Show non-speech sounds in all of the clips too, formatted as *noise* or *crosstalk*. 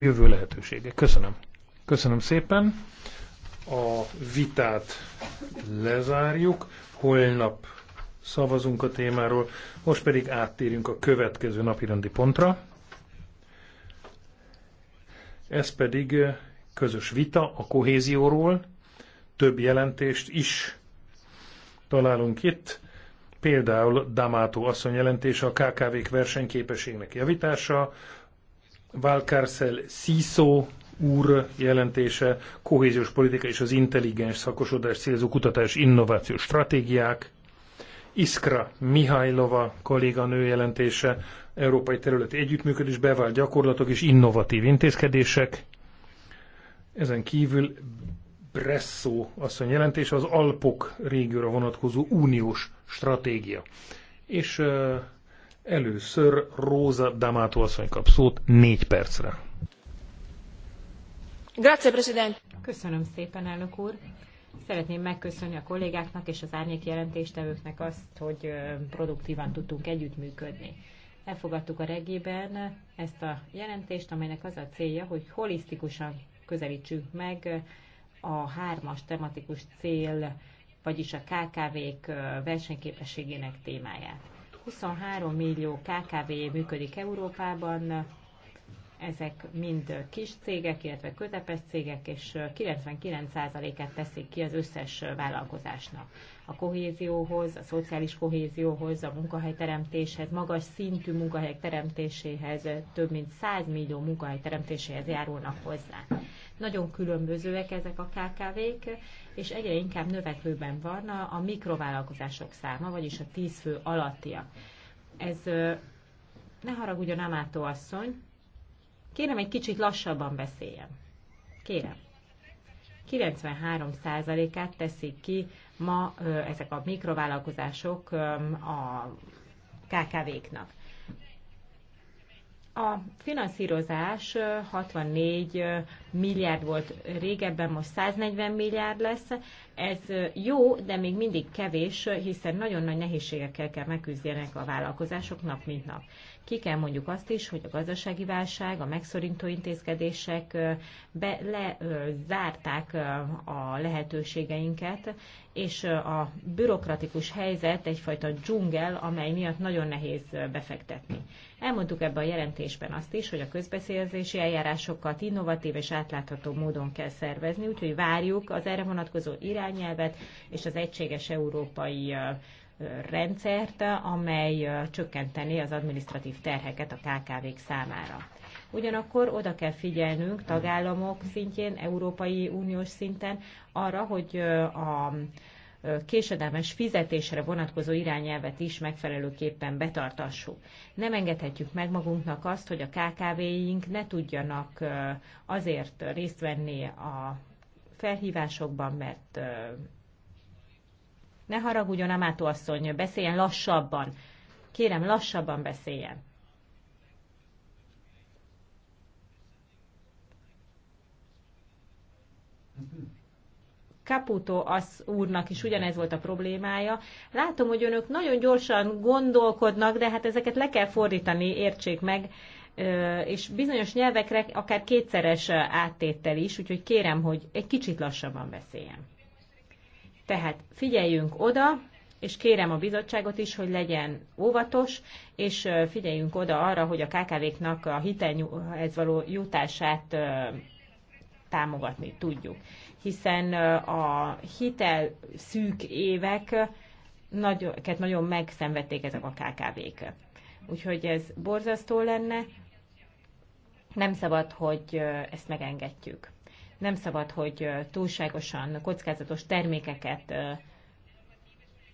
jövő lehetősége. Köszönöm. Köszönöm szépen. A vitát lezárjuk. Holnap szavazunk a témáról. Most pedig áttérünk a következő napirendi pontra. Ez pedig eh, közös vita a kohézióról. Több jelentést is találunk itt. Például Damátó asszony jelentése a KKV-k versenyképességnek javítása, Valkárcel Siso úr jelentése, kohéziós politika és az intelligens szakosodás célzó kutatás innovációs stratégiák, Iskra Mihajlova kolléganő jelentése, Európai Területi Együttműködés, bevált gyakorlatok és innovatív intézkedések. Ezen kívül Bresszó asszony jelentése az Alpok régióra vonatkozó uniós stratégia. És Először Róza Damátó asszony kap szót négy percre. Grazie, President. Köszönöm szépen, elnök úr. Szeretném megköszönni a kollégáknak és az árnyék jelentéstevőknek azt, hogy produktívan tudtunk együttműködni. Elfogadtuk a regében ezt a jelentést, amelynek az a célja, hogy holisztikusan közelítsük meg a hármas tematikus cél, vagyis a KKV-k versenyképességének témáját. 23 millió KKV működik Európában, ezek mind kis cégek, illetve közepes cégek, és 99 et teszik ki az összes vállalkozásnak. A kohézióhoz, a szociális kohézióhoz, a munkahelyteremtéshez, magas szintű munkahelyek teremtéséhez, több mint 100 millió munkahely teremtéséhez járulnak hozzá nagyon különbözőek ezek a KKV-k, és egyre inkább növekvőben van a, a mikrovállalkozások száma, vagyis a 10 fő alattiak. Ez ne haragudjon Amátó asszony, Kérem, egy kicsit lassabban beszéljen. Kérem. 93%-át teszik ki ma ezek a mikrovállalkozások a KKV-knak. A finanszírozás 64 milliárd volt régebben, most 140 milliárd lesz. Ez jó, de még mindig kevés, hiszen nagyon nagy nehézségekkel kell megküzdjenek a vállalkozások nap mint nap ki kell mondjuk azt is, hogy a gazdasági válság, a megszorító intézkedések be, zárták a lehetőségeinket, és a bürokratikus helyzet egyfajta dzsungel, amely miatt nagyon nehéz befektetni. Elmondtuk ebben a jelentésben azt is, hogy a közbeszélzési eljárásokat innovatív és átlátható módon kell szervezni, úgyhogy várjuk az erre vonatkozó irányelvet és az egységes európai rendszert, amely csökkenteni az administratív terheket a KKV-k számára. Ugyanakkor oda kell figyelnünk tagállamok szintjén, Európai Uniós szinten arra, hogy a késedelmes fizetésre vonatkozó irányelvet is megfelelőképpen betartassuk. Nem engedhetjük meg magunknak azt, hogy a KKV-ink ne tudjanak azért részt venni a felhívásokban, mert ne haragudjon, Amátó asszony, beszéljen lassabban. Kérem, lassabban beszéljen. Caputo az úrnak is ugyanez volt a problémája. Látom, hogy önök nagyon gyorsan gondolkodnak, de hát ezeket le kell fordítani, értsék meg, és bizonyos nyelvekre akár kétszeres áttétel is, úgyhogy kérem, hogy egy kicsit lassabban beszéljen. Tehát figyeljünk oda, és kérem a bizottságot is, hogy legyen óvatos, és figyeljünk oda arra, hogy a KKV-knak a hitelhez való jutását támogatni tudjuk. Hiszen a hitel szűk évek nagyon, nagyon megszenvedték ezek a KKV-k. Úgyhogy ez borzasztó lenne, nem szabad, hogy ezt megengedjük. Nem szabad, hogy túlságosan kockázatos termékeket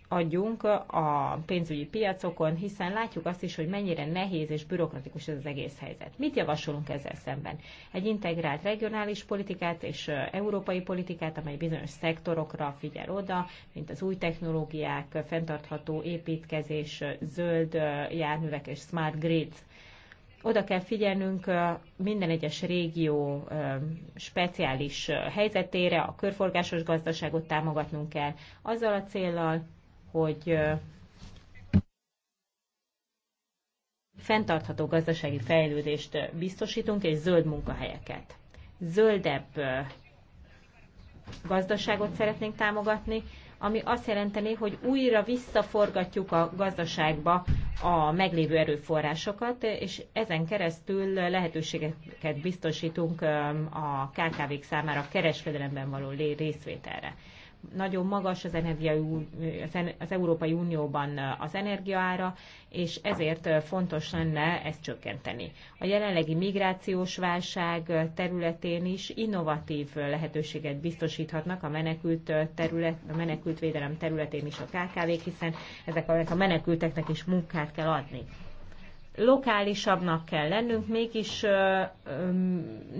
adjunk a pénzügyi piacokon, hiszen látjuk azt is, hogy mennyire nehéz és bürokratikus ez az egész helyzet. Mit javasolunk ezzel szemben? Egy integrált regionális politikát és európai politikát, amely bizonyos szektorokra figyel oda, mint az új technológiák, fenntartható építkezés, zöld járművek és smart grids. Oda kell figyelnünk minden egyes régió speciális helyzetére, a körforgásos gazdaságot támogatnunk kell, azzal a célral, hogy fenntartható gazdasági fejlődést biztosítunk, és zöld munkahelyeket. Zöldebb gazdaságot szeretnénk támogatni, ami azt jelenteni, hogy újra visszaforgatjuk a gazdaságba a meglévő erőforrásokat, és ezen keresztül lehetőségeket biztosítunk a KKV-k számára a kereskedelemben való részvételre nagyon magas az, energia, az Európai Unióban az energiaára, és ezért fontos lenne ezt csökkenteni. A jelenlegi migrációs válság területén is innovatív lehetőséget biztosíthatnak a menekült, terület, a menekült védelem területén is a KKV-k, hiszen ezek a menekülteknek is munkát kell adni lokálisabbnak kell lennünk, mégis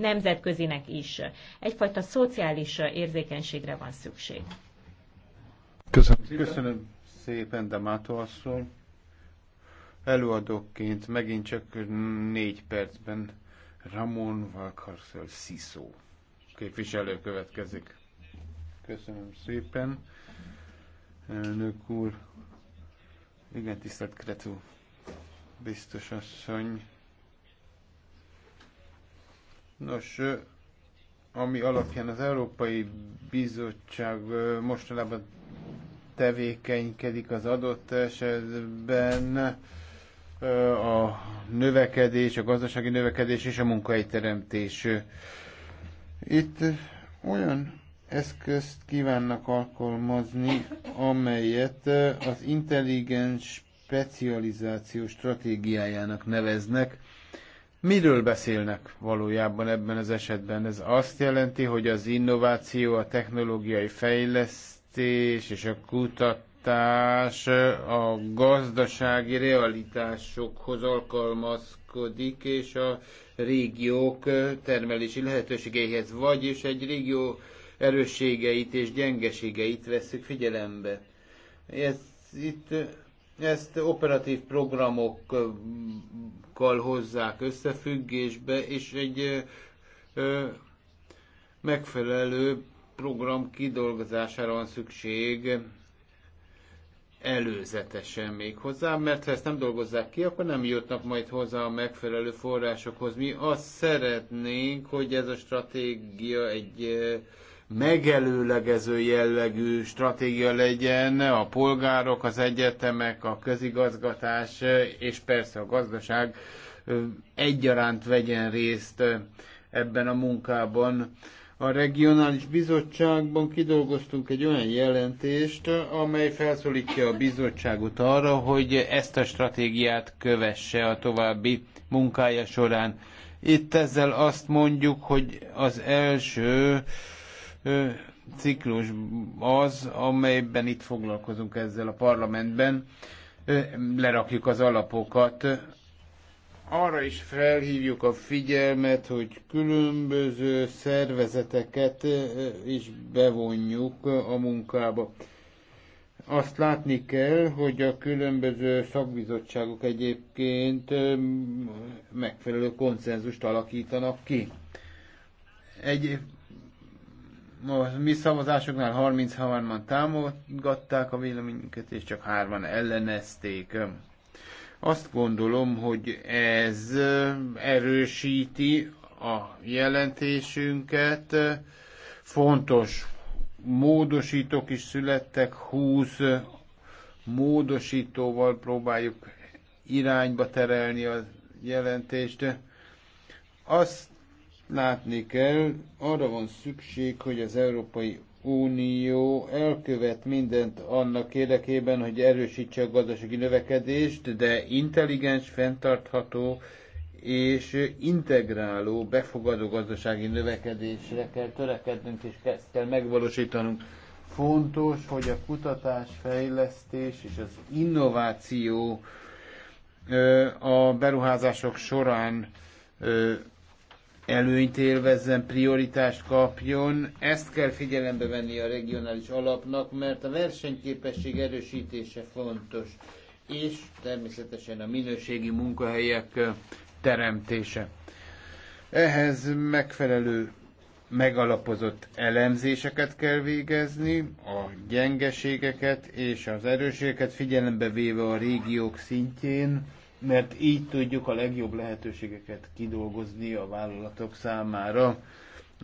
nemzetközinek is. Egyfajta szociális érzékenységre van szükség. Köszönöm szépen, Köszönöm szépen Damato asszony. Előadóként megint csak négy percben Ramon Valcarcel Sziszó képviselő következik. Köszönöm szépen. Elnök úr, igen, tisztelt Kretú biztos asszony. Nos, ami alapján az Európai Bizottság mostanában tevékenykedik az adott esetben, a növekedés, a gazdasági növekedés és a teremtés. Itt olyan eszközt kívánnak alkalmazni, amelyet az intelligens specializáció stratégiájának neveznek. Miről beszélnek valójában ebben az esetben? Ez azt jelenti, hogy az innováció, a technológiai fejlesztés és a kutatás a gazdasági realitásokhoz alkalmazkodik, és a régiók termelési lehetőségeihez, vagyis egy régió erősségeit és gyengeségeit veszük figyelembe. Ez itt ezt operatív programokkal hozzák összefüggésbe, és egy ö, megfelelő program kidolgozására van szükség előzetesen még hozzá, mert ha ezt nem dolgozzák ki, akkor nem jutnak majd hozzá a megfelelő forrásokhoz. Mi azt szeretnénk, hogy ez a stratégia egy megelőlegező jellegű stratégia legyen, a polgárok, az egyetemek, a közigazgatás és persze a gazdaság egyaránt vegyen részt ebben a munkában. A regionális bizottságban kidolgoztunk egy olyan jelentést, amely felszólítja a bizottságot arra, hogy ezt a stratégiát kövesse a további munkája során. Itt ezzel azt mondjuk, hogy az első ciklus az, amelyben itt foglalkozunk ezzel a parlamentben, lerakjuk az alapokat. Arra is felhívjuk a figyelmet, hogy különböző szervezeteket is bevonjuk a munkába. Azt látni kell, hogy a különböző szakbizottságok egyébként megfelelő konszenzust alakítanak ki. Egy, a mi szavazásoknál 33-an támogatták a véleményünket, és csak 3-an ellenezték. Azt gondolom, hogy ez erősíti a jelentésünket. Fontos módosítók is születtek, 20 módosítóval próbáljuk irányba terelni a jelentést. Azt látni kell, arra van szükség, hogy az Európai Unió elkövet mindent annak érdekében, hogy erősítse a gazdasági növekedést, de intelligens, fenntartható és integráló, befogadó gazdasági növekedésre kell törekednünk, és ezt kell megvalósítanunk. Fontos, hogy a kutatás, fejlesztés és az innováció a beruházások során előnyt élvezzen, prioritást kapjon. Ezt kell figyelembe venni a regionális alapnak, mert a versenyképesség erősítése fontos, és természetesen a minőségi munkahelyek teremtése. Ehhez megfelelő megalapozott elemzéseket kell végezni, a gyengeségeket és az erőségeket figyelembe véve a régiók szintjén mert így tudjuk a legjobb lehetőségeket kidolgozni a vállalatok számára.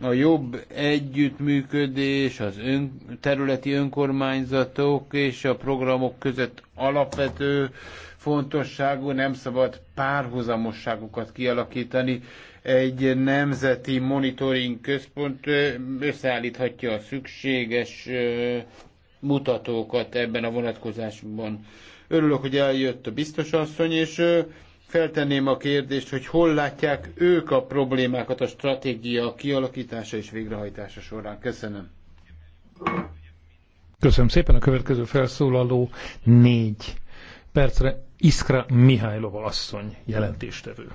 A jobb együttműködés az ön, területi önkormányzatok és a programok között alapvető fontosságú, nem szabad párhuzamosságokat kialakítani. Egy nemzeti monitoring központ összeállíthatja a szükséges mutatókat ebben a vonatkozásban. Örülök, hogy eljött a biztos asszony, és feltenném a kérdést, hogy hol látják ők a problémákat a stratégia kialakítása és végrehajtása során. Köszönöm. Köszönöm szépen. A következő felszólaló négy percre Iskra Mihálylova asszony jelentéstevő.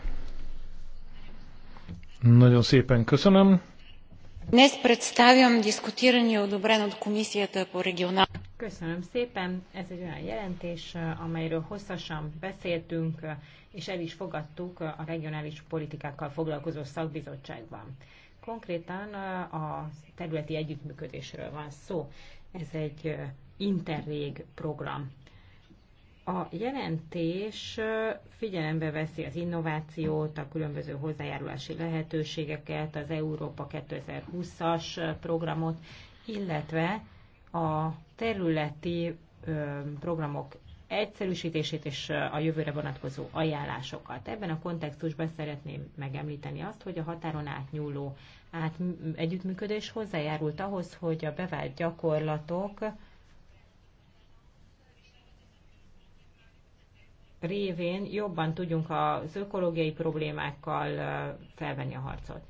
Nagyon szépen köszönöm. Днес представям дискутирания одобрен от Комисията по регионална. Köszönöm szépen. Ez egy olyan jelentés, amelyről hosszasan beszéltünk, és el is fogadtuk a regionális politikákkal foglalkozó szakbizottságban. Konkrétan a területi együttműködésről van szó. Ez egy interrég program a jelentés figyelembe veszi az innovációt, a különböző hozzájárulási lehetőségeket, az Európa 2020-as programot, illetve a területi programok egyszerűsítését és a jövőre vonatkozó ajánlásokat. Ebben a kontextusban szeretném megemlíteni azt, hogy a határon átnyúló át, együttműködés hozzájárult ahhoz, hogy a bevált gyakorlatok révén jobban tudjunk az ökológiai problémákkal felvenni a harcot.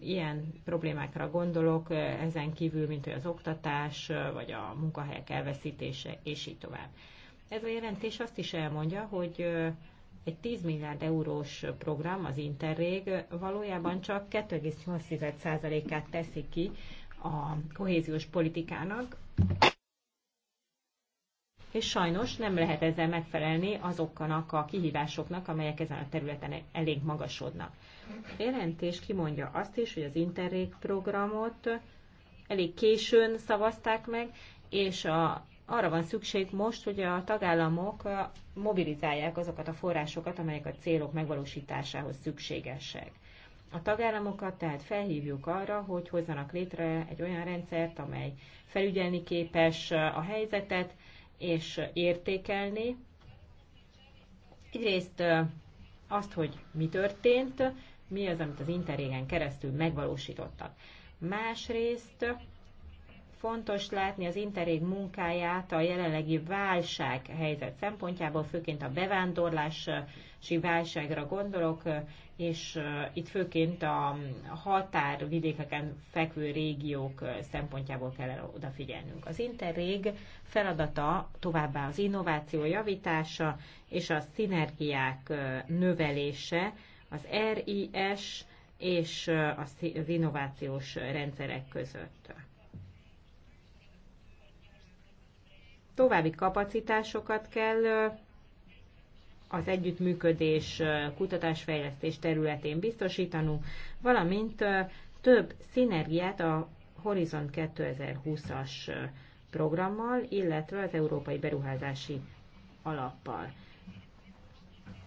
Ilyen problémákra gondolok, ezen kívül, mint hogy az oktatás, vagy a munkahelyek elveszítése, és így tovább. Ez a jelentés azt is elmondja, hogy egy 10 milliárd eurós program, az Interreg, valójában csak 2,8%-át teszi ki a kohéziós politikának, és sajnos nem lehet ezzel megfelelni azoknak a kihívásoknak, amelyek ezen a területen elég magasodnak. A jelentés kimondja azt is, hogy az Interreg programot elég későn szavazták meg, és a, arra van szükség most, hogy a tagállamok mobilizálják azokat a forrásokat, amelyek a célok megvalósításához szükségesek. A tagállamokat tehát felhívjuk arra, hogy hozzanak létre egy olyan rendszert, amely felügyelni képes a helyzetet, és értékelni. Egyrészt azt, hogy mi történt, mi az, amit az interrégen keresztül megvalósítottak. Másrészt fontos látni az interrég munkáját a jelenlegi válság helyzet szempontjából, főként a bevándorlási válságra gondolok, és itt főként a határvidékeken fekvő régiók szempontjából kell odafigyelnünk. Az Interreg feladata továbbá az innováció javítása és a szinergiák növelése, az RIS és az innovációs rendszerek között. További kapacitásokat kell az együttműködés kutatásfejlesztés területén biztosítanunk, valamint több szinergiát a Horizon 2020-as programmal, illetve az Európai Beruházási Alappal.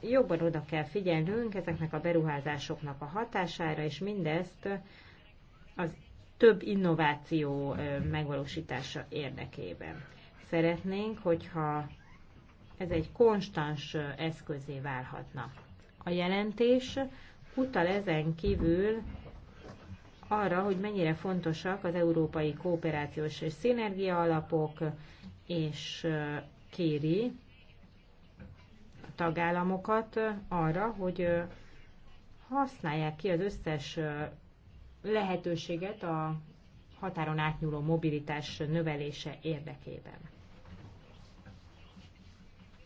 Jobban oda kell figyelnünk ezeknek a beruházásoknak a hatására, és mindezt az több innováció megvalósítása érdekében. Szeretnénk, hogyha ez egy konstans eszközé válhatna. A jelentés utal ezen kívül arra, hogy mennyire fontosak az európai kooperációs és szinergia alapok, és kéri a tagállamokat arra, hogy használják ki az összes lehetőséget a határon átnyúló mobilitás növelése érdekében.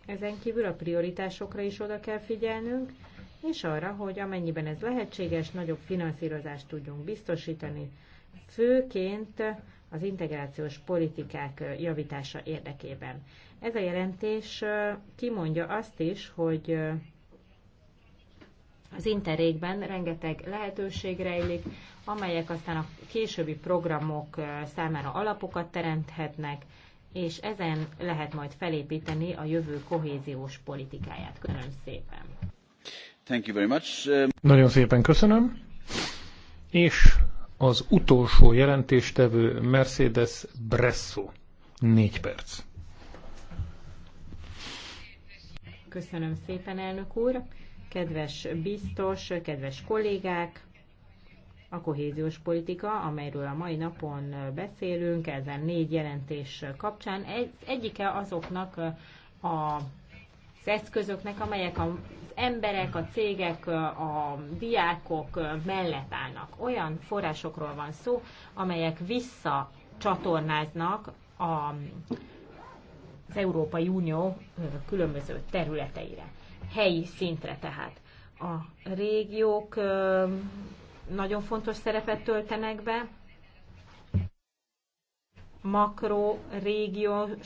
Ezen kívül a prioritásokra is oda kell figyelnünk, és arra, hogy amennyiben ez lehetséges, nagyobb finanszírozást tudjunk biztosítani, főként az integrációs politikák javítása érdekében. Ez a jelentés kimondja azt is, hogy az interrégben rengeteg lehetőség rejlik, amelyek aztán a későbbi programok számára alapokat teremthetnek, és ezen lehet majd felépíteni a jövő kohéziós politikáját. Köszönöm szépen. Thank you very much. Nagyon szépen köszönöm. És az utolsó jelentéstevő Mercedes Bresso. Négy perc. Köszönöm szépen, elnök úr. Kedves biztos, kedves kollégák, a kohéziós politika, amelyről a mai napon beszélünk, ezen négy jelentés kapcsán. Ez egyike azoknak a az eszközöknek, amelyek az emberek, a cégek, a diákok mellett állnak. Olyan forrásokról van szó, amelyek visszacsatornáznak a, az Európai Unió különböző területeire, helyi szintre tehát. A régiók nagyon fontos szerepet töltenek be, makro régiós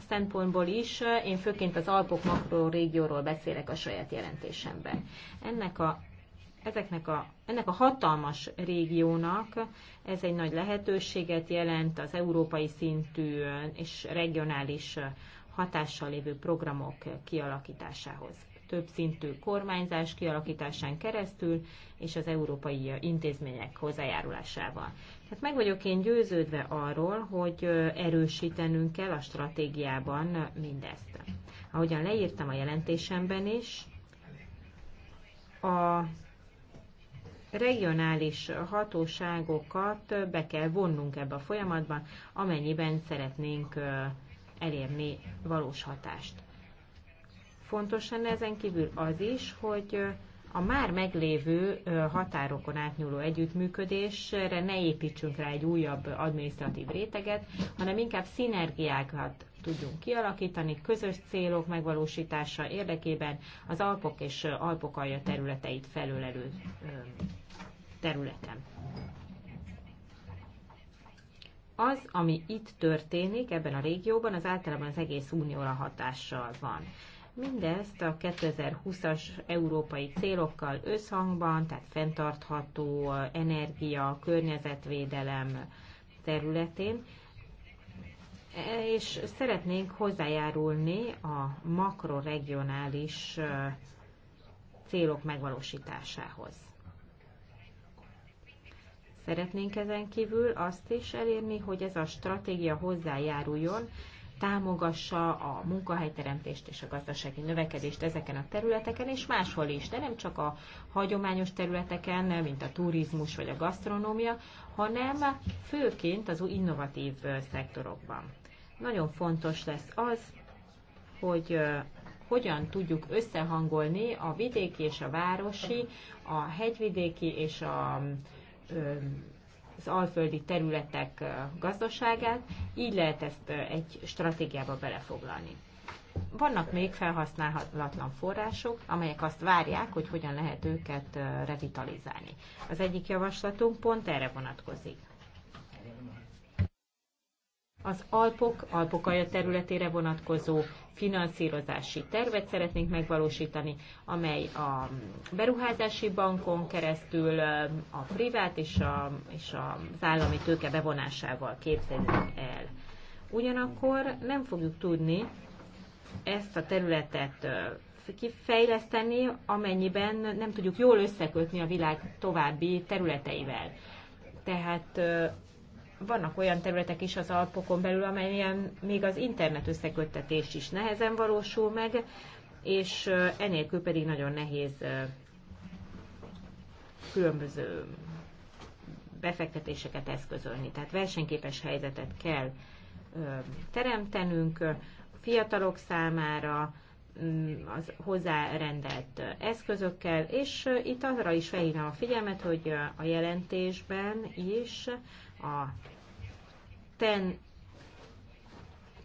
szempontból is. Én főként az Alpok makro régióról beszélek a saját jelentésemben. Ennek a ezeknek a, ennek a hatalmas régiónak ez egy nagy lehetőséget jelent az európai szintű és regionális hatással lévő programok kialakításához több szintű kormányzás kialakításán keresztül és az európai intézmények hozzájárulásával. Tehát meg vagyok én győződve arról, hogy erősítenünk kell a stratégiában mindezt. Ahogyan leírtam a jelentésemben is, a regionális hatóságokat be kell vonnunk ebbe a folyamatban, amennyiben szeretnénk elérni valós hatást. Fontos lenne ezen kívül az is, hogy a már meglévő határokon átnyúló együttműködésre ne építsünk rá egy újabb adminisztratív réteget, hanem inkább szinergiákat tudjunk kialakítani közös célok megvalósítása érdekében az Alpok és Alpokalja területeit felülelő területen. Az, ami itt történik ebben a régióban, az általában az egész unióra hatással van. Mindezt a 2020-as európai célokkal összhangban, tehát fenntartható energia, környezetvédelem területén, és szeretnénk hozzájárulni a makroregionális célok megvalósításához. Szeretnénk ezen kívül azt is elérni, hogy ez a stratégia hozzájáruljon támogassa a munkahelyteremtést és a gazdasági növekedést ezeken a területeken, és máshol is, de nem csak a hagyományos területeken, mint a turizmus vagy a gasztronómia, hanem főként az új innovatív szektorokban. Nagyon fontos lesz az, hogy hogyan tudjuk összehangolni a vidéki és a városi, a hegyvidéki és a az alföldi területek gazdaságát, így lehet ezt egy stratégiába belefoglalni. Vannak még felhasználhatatlan források, amelyek azt várják, hogy hogyan lehet őket revitalizálni. Az egyik javaslatunk pont erre vonatkozik az Alpok, Alpokaja területére vonatkozó finanszírozási tervet szeretnénk megvalósítani, amely a beruházási bankon keresztül a privát és, a, és az állami tőke bevonásával képzeljük el. Ugyanakkor nem fogjuk tudni ezt a területet kifejleszteni, amennyiben nem tudjuk jól összekötni a világ további területeivel. Tehát vannak olyan területek is az Alpokon belül, amelyen még az internet összeköttetés is nehezen valósul meg, és enélkül pedig nagyon nehéz különböző befektetéseket eszközölni. Tehát versenyképes helyzetet kell teremtenünk fiatalok számára, mm, az hozzárendelt eszközökkel, és itt arra is felhívnám a figyelmet, hogy a jelentésben is a TEN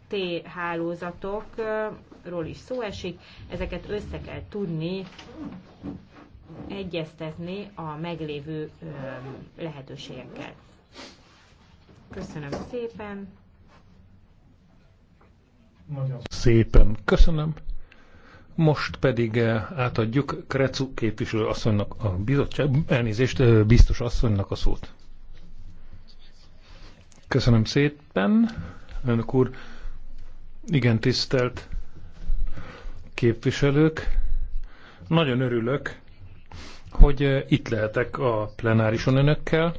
T hálózatokról is szó esik, ezeket össze kell tudni egyeztetni a meglévő lehetőségekkel. Köszönöm szépen. Nagyon szépen köszönöm. Most pedig átadjuk Krecu képviselő asszonynak a bizottság, elnézést, biztos asszonynak a szót. Köszönöm szépen, önök úr. Igen, tisztelt képviselők. Nagyon örülök, hogy eh, itt lehetek a plenárison önökkel.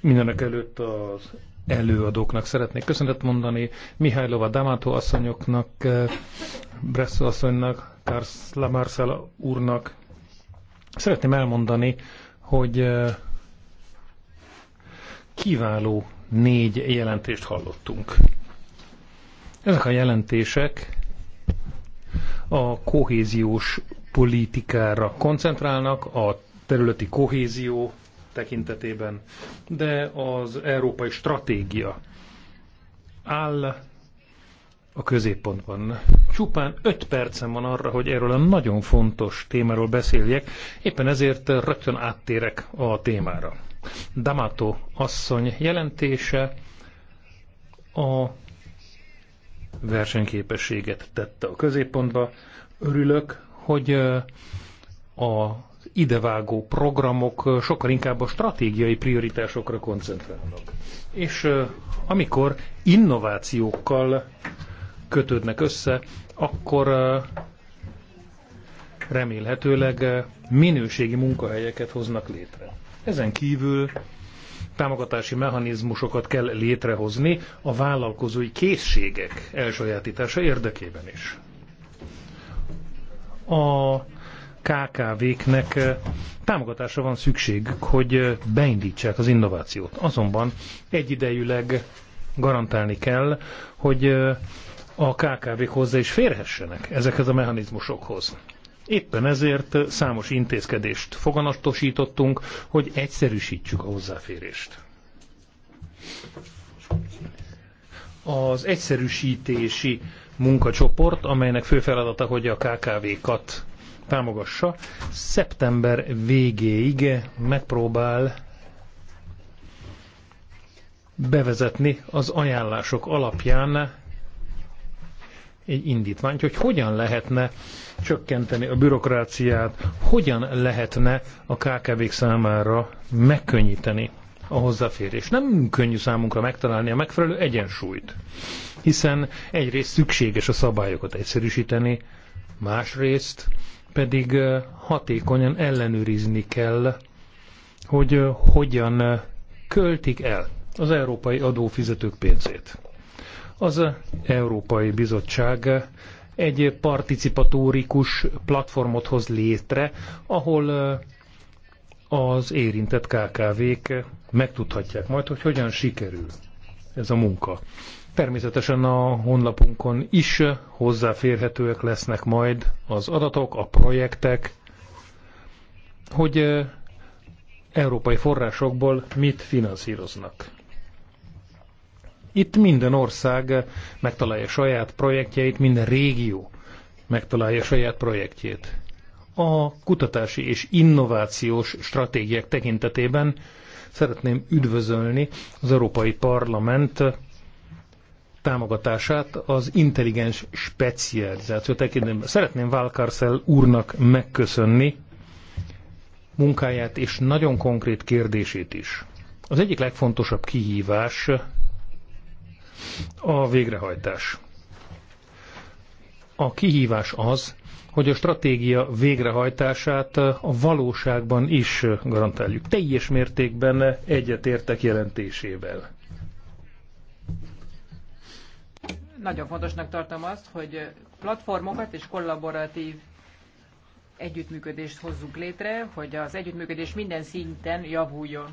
Mindenek előtt az előadóknak szeretnék köszönetet mondani, Mihálylova Damato asszonyoknak, eh, Bresso asszonynak, Kárszla Marcella úrnak. Szeretném elmondani, hogy eh, Kiváló négy jelentést hallottunk. Ezek a jelentések a kohéziós politikára koncentrálnak, a területi kohézió tekintetében, de az európai stratégia áll a középpontban. Csupán öt percem van arra, hogy erről a nagyon fontos témáról beszéljek, éppen ezért rögtön áttérek a témára. Damato asszony jelentése a versenyképességet tette a középpontba. Örülök, hogy a idevágó programok sokkal inkább a stratégiai prioritásokra koncentrálnak. És amikor innovációkkal kötődnek össze, akkor remélhetőleg minőségi munkahelyeket hoznak létre. Ezen kívül támogatási mechanizmusokat kell létrehozni a vállalkozói készségek elsajátítása érdekében is. A KKV-knek eh, támogatásra van szükség, hogy eh, beindítsák az innovációt. Azonban egyidejűleg garantálni kell, hogy eh, a KKV-k hozzá is férhessenek ezekhez a mechanizmusokhoz. Éppen ezért számos intézkedést foganatosítottunk, hogy egyszerűsítsük a hozzáférést. Az egyszerűsítési munkacsoport, amelynek fő feladata, hogy a KKV-kat támogassa, szeptember végéig megpróbál bevezetni az ajánlások alapján egy indítványt, hogy hogyan lehetne csökkenteni a bürokráciát, hogyan lehetne a KKV-k számára megkönnyíteni a hozzáférés. Nem könnyű számunkra megtalálni a megfelelő egyensúlyt, hiszen egyrészt szükséges a szabályokat egyszerűsíteni, másrészt pedig hatékonyan ellenőrizni kell, hogy hogyan költik el az európai adófizetők pénzét. Az Európai Bizottság egy participatórikus platformot hoz létre, ahol az érintett KKV-k megtudhatják majd, hogy hogyan sikerül ez a munka. Természetesen a honlapunkon is hozzáférhetőek lesznek majd az adatok, a projektek, hogy európai forrásokból mit finanszíroznak. Itt minden ország megtalálja saját projektjeit, minden régió megtalálja saját projektjét. A kutatási és innovációs stratégiák tekintetében szeretném üdvözölni az Európai Parlament támogatását az intelligens specializáció tekintetében. Szeretném Valkarszel úrnak megköszönni munkáját és nagyon konkrét kérdését is. Az egyik legfontosabb kihívás a végrehajtás. A kihívás az, hogy a stratégia végrehajtását a valóságban is garantáljuk. Teljes mértékben egyetértek jelentésével. Nagyon fontosnak tartom azt, hogy platformokat és kollaboratív együttműködést hozzunk létre, hogy az együttműködés minden szinten javuljon.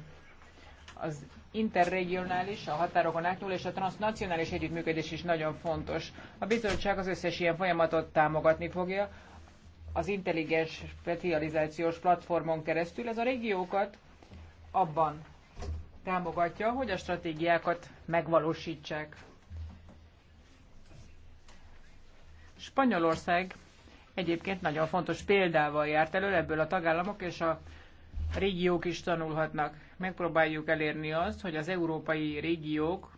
Az interregionális, a határokon átnyúló és a transnacionális együttműködés is nagyon fontos. A bizottság az összes ilyen folyamatot támogatni fogja az intelligens specializációs platformon keresztül. Ez a régiókat abban támogatja, hogy a stratégiákat megvalósítsák. Spanyolország egyébként nagyon fontos példával járt elő, ebből a tagállamok és a a régiók is tanulhatnak. Megpróbáljuk elérni azt, hogy az európai régiók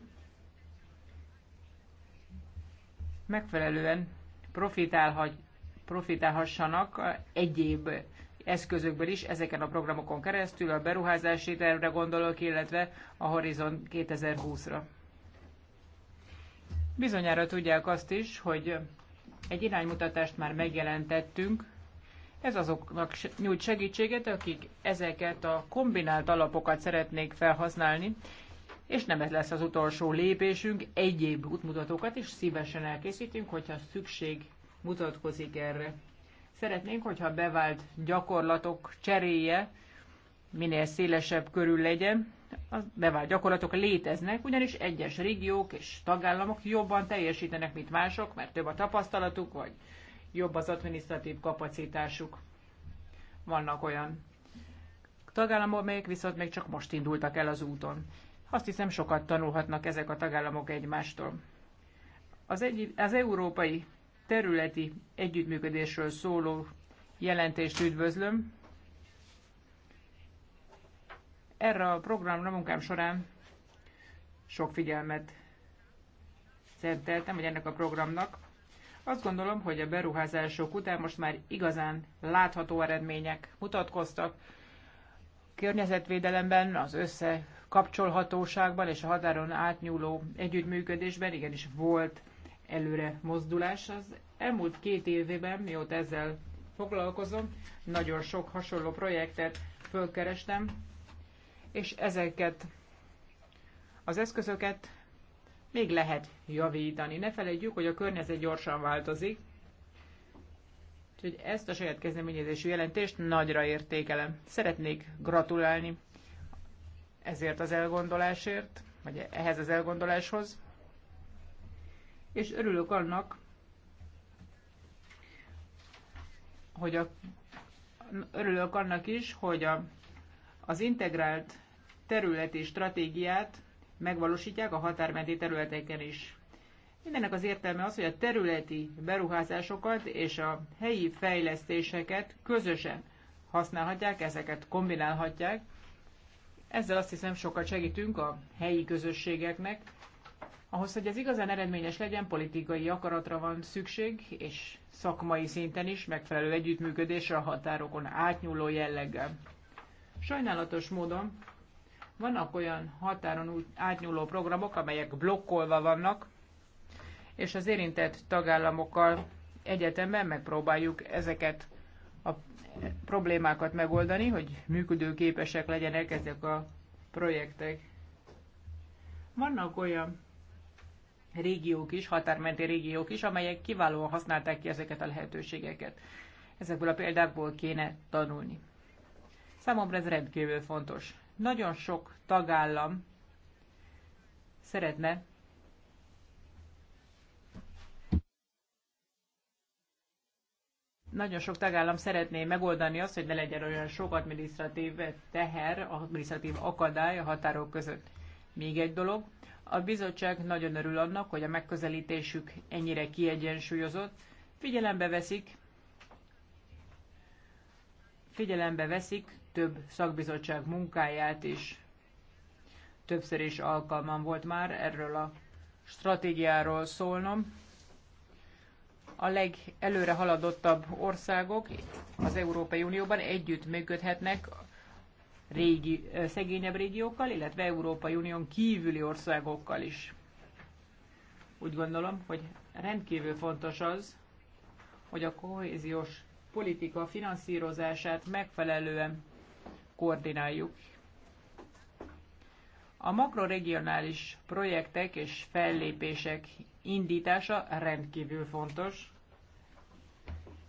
megfelelően profitálhat, profitálhassanak egyéb eszközökből is, ezeken a programokon keresztül, a beruházási tervre gondolok, illetve a Horizon 2020-ra. Bizonyára tudják azt is, hogy egy iránymutatást már megjelentettünk ez azoknak nyújt segítséget, akik ezeket a kombinált alapokat szeretnék felhasználni, és nem ez lesz az utolsó lépésünk, egyéb útmutatókat is szívesen elkészítünk, hogyha szükség mutatkozik erre. Szeretnénk, hogyha bevált gyakorlatok cseréje minél szélesebb körül legyen, a bevált gyakorlatok léteznek, ugyanis egyes régiók és tagállamok jobban teljesítenek, mint mások, mert több a tapasztalatuk, vagy jobb az adminisztratív kapacitásuk. Vannak olyan tagállamok, melyek viszont még csak most indultak el az úton. Azt hiszem, sokat tanulhatnak ezek a tagállamok egymástól. Az, egy, az európai területi együttműködésről szóló jelentést üdvözlöm. Erre a programra munkám során sok figyelmet szenteltem, vagy ennek a programnak. Azt gondolom, hogy a beruházások után most már igazán látható eredmények mutatkoztak. Környezetvédelemben, az összekapcsolhatóságban és a határon átnyúló együttműködésben igenis volt előre mozdulás. Az elmúlt két évében, mióta ezzel foglalkozom, nagyon sok hasonló projektet fölkerestem, és ezeket az eszközöket még lehet javítani. Ne felejtjük, hogy a környezet gyorsan változik, úgyhogy ezt a saját kezdeményezésű jelentést nagyra értékelem. Szeretnék gratulálni ezért az elgondolásért, vagy ehhez az elgondoláshoz, és örülök annak, hogy a, örülök annak is, hogy a, az integrált területi stratégiát megvalósítják a határmenti területeken is. Mindennek az értelme az, hogy a területi beruházásokat és a helyi fejlesztéseket közösen használhatják, ezeket kombinálhatják. Ezzel azt hiszem sokat segítünk a helyi közösségeknek. Ahhoz, hogy ez igazán eredményes legyen, politikai akaratra van szükség, és szakmai szinten is megfelelő együttműködésre a határokon átnyúló jelleggel. Sajnálatos módon vannak olyan határon átnyúló programok, amelyek blokkolva vannak, és az érintett tagállamokkal egyetemben megpróbáljuk ezeket a problémákat megoldani, hogy működőképesek legyenek ezek a projektek. Vannak olyan régiók is, határmenti régiók is, amelyek kiválóan használták ki ezeket a lehetőségeket. Ezekből a példákból kéne tanulni. Számomra ez rendkívül fontos. Nagyon sok tagállam szeretne nagyon sok tagállam szeretné megoldani azt, hogy ne legyen olyan sok administratív teher, administratív akadály a határok között. Még egy dolog, a bizottság nagyon örül annak, hogy a megközelítésük ennyire kiegyensúlyozott, figyelembe veszik, figyelembe veszik több szakbizottság munkáját is többször is alkalmam volt már erről a stratégiáról szólnom. A legelőre haladottabb országok az Európai Unióban együtt működhetnek régi, szegényebb régiókkal, illetve Európai Unión kívüli országokkal is. Úgy gondolom, hogy rendkívül fontos az, hogy a kohéziós politika finanszírozását megfelelően koordináljuk. A makroregionális projektek és fellépések indítása rendkívül fontos.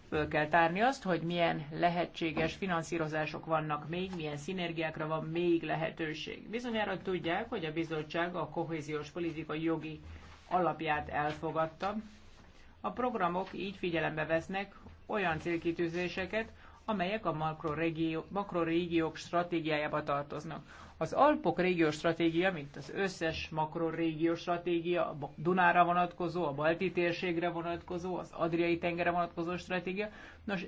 Föl kell tárni azt, hogy milyen lehetséges finanszírozások vannak még, milyen szinergiákra van még lehetőség. Bizonyára tudják, hogy a bizottság a kohéziós politika jogi alapját elfogadta. A programok így figyelembe vesznek olyan célkitűzéseket, amelyek a makrorégiók stratégiájába tartoznak. Az Alpok régió stratégia, mint az összes makrorégió stratégia, a Dunára vonatkozó, a Balti térségre vonatkozó, az Adriai tengerre vonatkozó stratégia. Nos,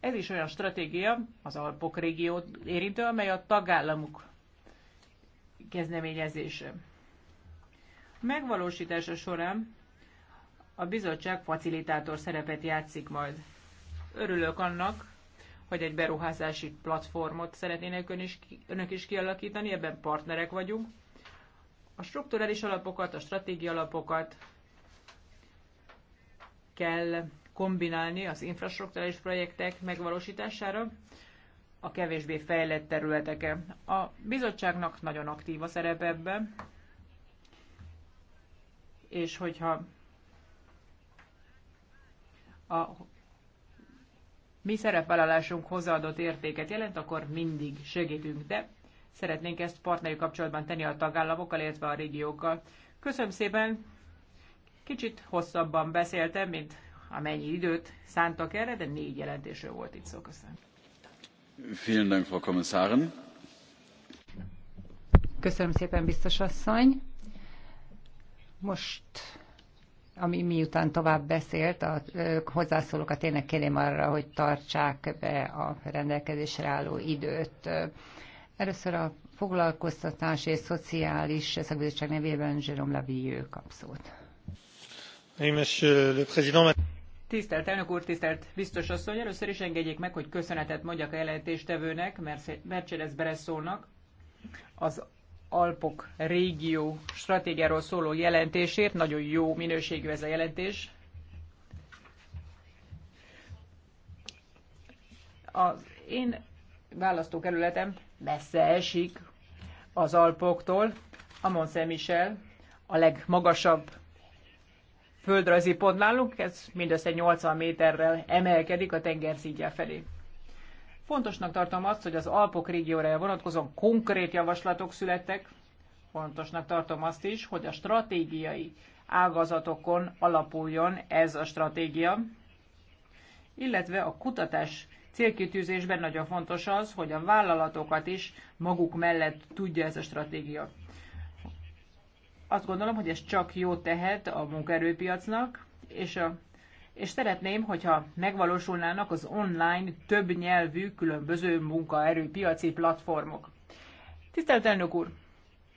ez is olyan stratégia, az Alpok régiót érintő, amely a tagállamuk kezdeményezése. Megvalósítása során a bizottság facilitátor szerepet játszik majd. Örülök annak, hogy egy beruházási platformot szeretnének ön is, önök is kialakítani, ebben partnerek vagyunk. A strukturális alapokat, a stratégia alapokat kell kombinálni az infrastruktúrális projektek megvalósítására a kevésbé fejlett területeken. A bizottságnak nagyon aktív a szerepe ebben, és hogyha a mi szerepvállalásunk hozzáadott értéket jelent, akkor mindig segítünk, de szeretnénk ezt partneri kapcsolatban tenni a tagállamokkal, illetve a régiókkal. Köszönöm szépen, kicsit hosszabban beszéltem, mint amennyi időt szántak erre, de négy jelentésről volt itt szó. Köszönöm. Vielen Dank, Frau Kommissarin. Köszönöm szépen, biztos asszony. Most ami miután tovább beszélt, a hozzászólókat tényleg kérem arra, hogy tartsák be a rendelkezésre álló időt. Először a foglalkoztatás és szociális szakbizottság nevében Jérôme Lavillő kap szót. Tisztelt elnök úr, tisztelt biztos asszony, először is engedjék meg, hogy köszönetet mondjak a jelentéstevőnek, Mercedes Bereszónak, az Alpok régió stratégiáról szóló jelentésért. Nagyon jó minőségű ez a jelentés. Az én választókerületem messze esik az Alpoktól. A Mont Saint-Michel a legmagasabb földrajzi pont nálunk, ez mindössze 80 méterrel emelkedik a tengerszígyel felé. Fontosnak tartom azt, hogy az Alpok régióra vonatkozóan konkrét javaslatok születtek. Fontosnak tartom azt is, hogy a stratégiai ágazatokon alapuljon ez a stratégia, illetve a kutatás célkitűzésben nagyon fontos az, hogy a vállalatokat is maguk mellett tudja ez a stratégia. Azt gondolom, hogy ez csak jó tehet a munkaerőpiacnak, és a és szeretném, hogyha megvalósulnának az online több nyelvű különböző munkaerőpiaci platformok. Tisztelt elnök úr!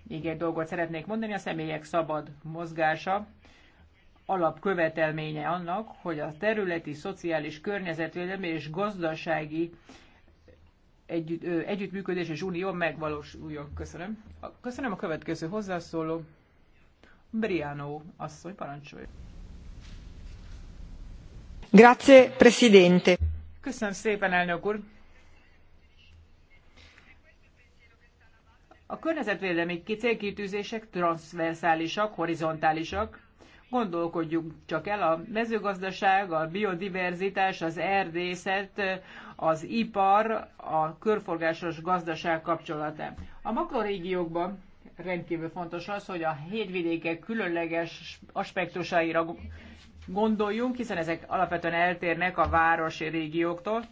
Még egy dolgot szeretnék mondani, a személyek szabad mozgása alapkövetelménye annak, hogy a területi, szociális, környezetvédelmi és gazdasági együtt, ö, együttműködés és unió megvalósuljon. Köszönöm. Köszönöm a következő hozzászóló. Briano asszony, parancsolja. Köszönöm szépen, elnök úr. A környezetvédelmi célkitűzések transzverszálisak, horizontálisak. Gondolkodjunk csak el, a mezőgazdaság, a biodiverzitás, az erdészet, az ipar, a körforgásos gazdaság kapcsolata. A makrorégiókban rendkívül fontos az, hogy a hétvidékek különleges aspektusaira gondoljunk, hiszen ezek alapvetően eltérnek a városi régióktól.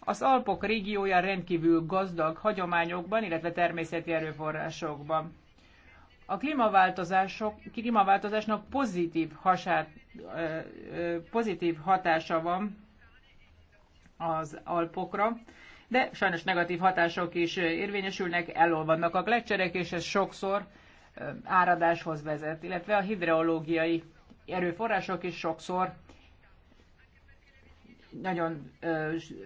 Az Alpok régiója rendkívül gazdag hagyományokban, illetve természeti erőforrásokban. A klímaváltozások, klímaváltozásnak pozitív, hasát, pozitív hatása van az Alpokra, de sajnos negatív hatások is érvényesülnek, elolvadnak a gletszerek, és ez sokszor áradáshoz vezet, illetve a hidrológiai erőforrások is sokszor nagyon,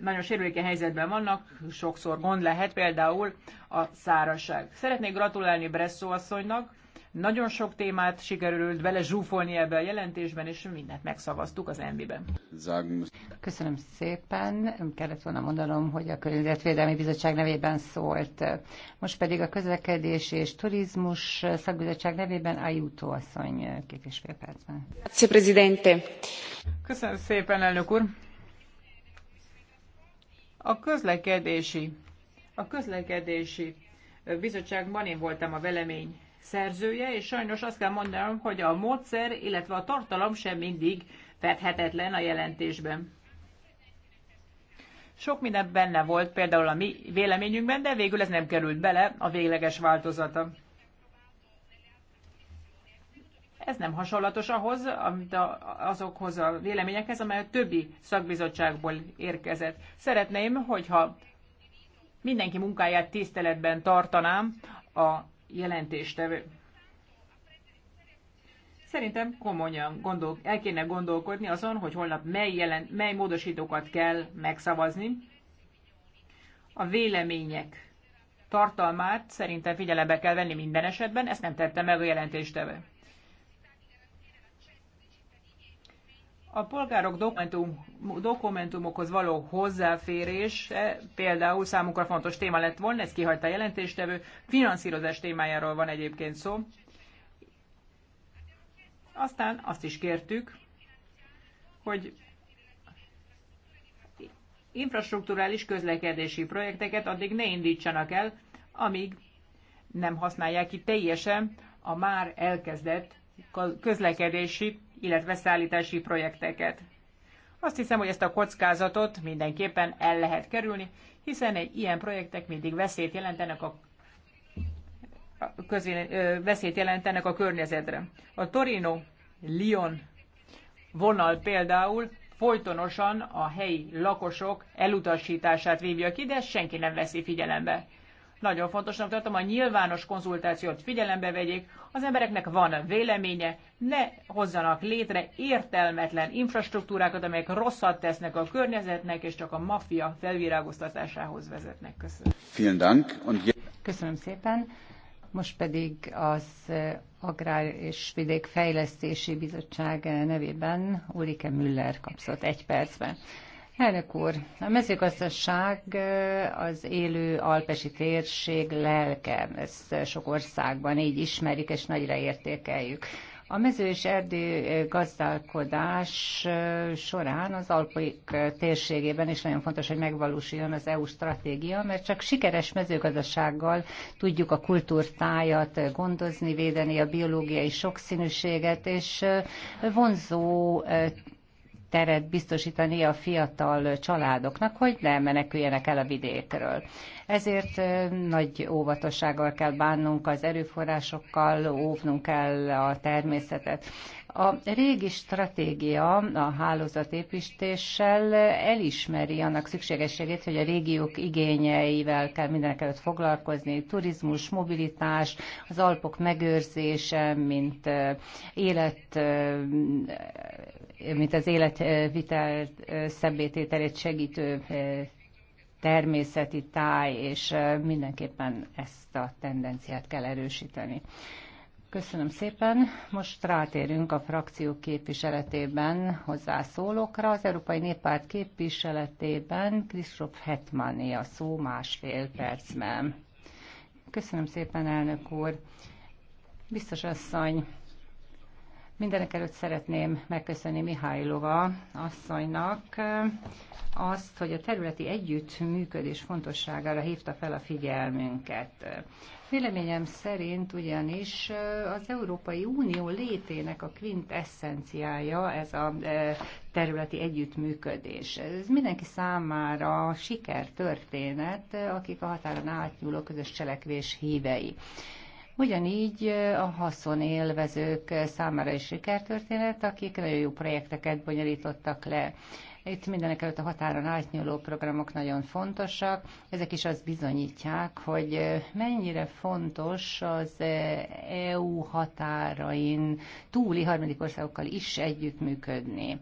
nagyon sérülékeny helyzetben vannak, sokszor gond lehet például a szárazság. Szeretnék gratulálni Bresszó asszonynak, nagyon sok témát sikerült vele zsúfolni ebbe a jelentésben, és mindent megszavaztuk az MB-ben. Köszönöm szépen. Kellett volna mondanom, hogy a Környezetvédelmi Bizottság nevében szólt. Most pedig a közlekedés és turizmus szakbizottság nevében Ajutó asszony két és fél percben. Köszönöm szépen, elnök úr. A közlekedési, a közlekedési bizottságban én voltam a velemény szerzője, és sajnos azt kell mondanom, hogy a módszer, illetve a tartalom sem mindig fedhetetlen a jelentésben. Sok minden benne volt, például a mi véleményünkben, de végül ez nem került bele a végleges változata. Ez nem hasonlatos ahhoz, amit a, azokhoz a véleményekhez, amely a többi szakbizottságból érkezett. Szeretném, hogyha mindenki munkáját tiszteletben tartanám a jelentéstevő. Szerintem komolyan gondol, el kéne gondolkodni azon, hogy holnap mely, jelen, mely módosítókat kell megszavazni. A vélemények tartalmát szerintem figyelembe kell venni minden esetben, ezt nem tette meg a jelentéstevő. A polgárok dokumentum, dokumentumokhoz való hozzáférés például számukra fontos téma lett volna, ezt kihagyta a jelentéstevő. Finanszírozás témájáról van egyébként szó. Aztán azt is kértük, hogy infrastruktúrális közlekedési projekteket addig ne indítsanak el, amíg nem használják ki teljesen a már elkezdett közlekedési illetve szállítási projekteket. Azt hiszem, hogy ezt a kockázatot mindenképpen el lehet kerülni, hiszen egy ilyen projektek mindig veszélyt jelentenek a közé, veszélyt jelentenek a környezetre. A Torino-Lyon vonal például folytonosan a helyi lakosok elutasítását vívja ki, de senki nem veszi figyelembe. Nagyon fontosnak tartom, a nyilvános konzultációt figyelembe vegyék, az embereknek van véleménye, ne hozzanak létre értelmetlen infrastruktúrákat, amelyek rosszat tesznek a környezetnek, és csak a maffia felvirágoztatásához vezetnek. Köszönöm. Köszönöm szépen. Most pedig az Agrár és Vidék Fejlesztési Bizottság nevében Ulrike Müller kapszott egy percben. Elnök úr, a mezőgazdaság eh, az élő alpesi térség lelke, ezt sok országban így ismerik és nagyra értékeljük. A mező és erdő eh, gazdálkodás eh, során az Alpik térségében is nagyon fontos, hogy megvalósuljon az EU stratégia, mert csak sikeres mezőgazdasággal tudjuk a kultúrtájat gondozni, védeni a biológiai sokszínűséget, és vonzó teret biztosítani a fiatal családoknak, hogy ne meneküljenek el a vidékről. Ezért nagy óvatossággal kell bánnunk az erőforrásokkal, óvnunk kell a természetet. A régi stratégia a hálózatépítéssel elismeri annak szükségességét, hogy a régiók igényeivel kell mindenek előtt foglalkozni, turizmus, mobilitás, az Alpok megőrzése, mint élet mint az életvitel szebbétételét segítő természeti táj, és mindenképpen ezt a tendenciát kell erősíteni. Köszönöm szépen. Most rátérünk a frakciók képviseletében hozzászólókra. Az Európai Néppárt képviseletében Krisztop Hetmané a szó másfél percben. Köszönöm szépen, elnök úr. Biztos asszony, Mindenek előtt szeretném megköszönni Mihálylova asszonynak azt, hogy a területi együttműködés fontosságára hívta fel a figyelmünket. Véleményem szerint ugyanis az Európai Unió létének a quintesszenciája ez a e, területi együttműködés. Ez mindenki számára sikertörténet, akik a határon átnyúló közös cselekvés hívei. Ugyanígy a haszonélvezők számára is sikertörténet, akik nagyon jó projekteket bonyolítottak le. Itt mindenek előtt a határon átnyúló programok nagyon fontosak. Ezek is azt bizonyítják, hogy mennyire fontos az EU határain túli harmadik országokkal is együttműködni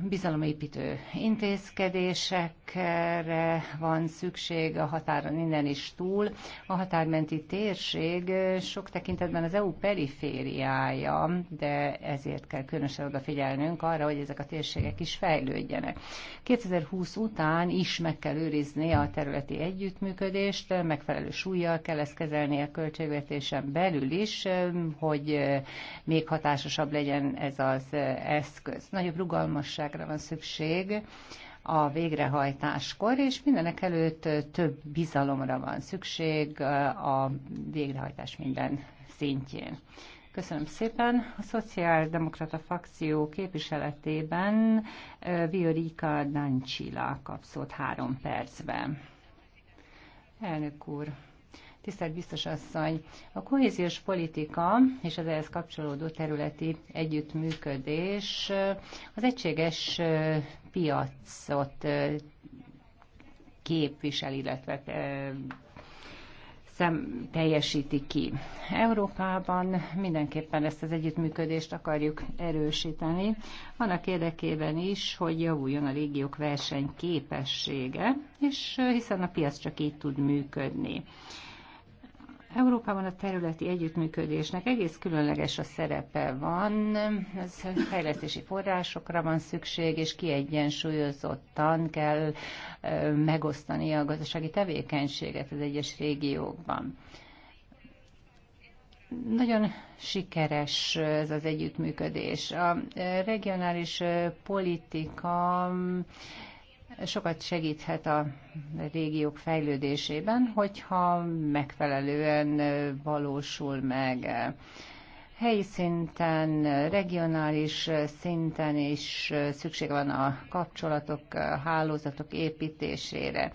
bizalomépítő intézkedésekre van szükség a határon innen is túl. A határmenti térség sok tekintetben az EU perifériája, de ezért kell különösen odafigyelnünk arra, hogy ezek a térségek is fejlődjenek. 2020 után is meg kell őrizni a területi együttműködést, megfelelő súlyjal kell ezt kezelni a költségvetésen belül is, hogy még hatásosabb legyen ez az eszköz. Nagyobb rugalmas rugalmasságra van szükség a végrehajtáskor, és mindenek előtt több bizalomra van szükség eh, a végrehajtás minden szintjén. Köszönöm szépen. A Szociáldemokrata Fakció képviseletében eh, Viorika Dancsila kap három percben. Elnök úr, Tisztelt biztos asszony, a kohéziós politika és az ehhez kapcsolódó területi együttműködés az egységes piacot képvisel, illetve szem teljesíti ki. Európában mindenképpen ezt az együttműködést akarjuk erősíteni, annak érdekében is, hogy javuljon a régiók versenyképessége, és hiszen a piac csak így tud működni. Európában a területi együttműködésnek egész különleges a szerepe van, ez fejlesztési forrásokra van szükség, és kiegyensúlyozottan kell megosztani a gazdasági tevékenységet az egyes régiókban. Nagyon sikeres ez az együttműködés. A regionális politika sokat segíthet a régiók fejlődésében, hogyha megfelelően valósul meg helyi szinten, regionális szinten is szükség van a kapcsolatok, hálózatok építésére.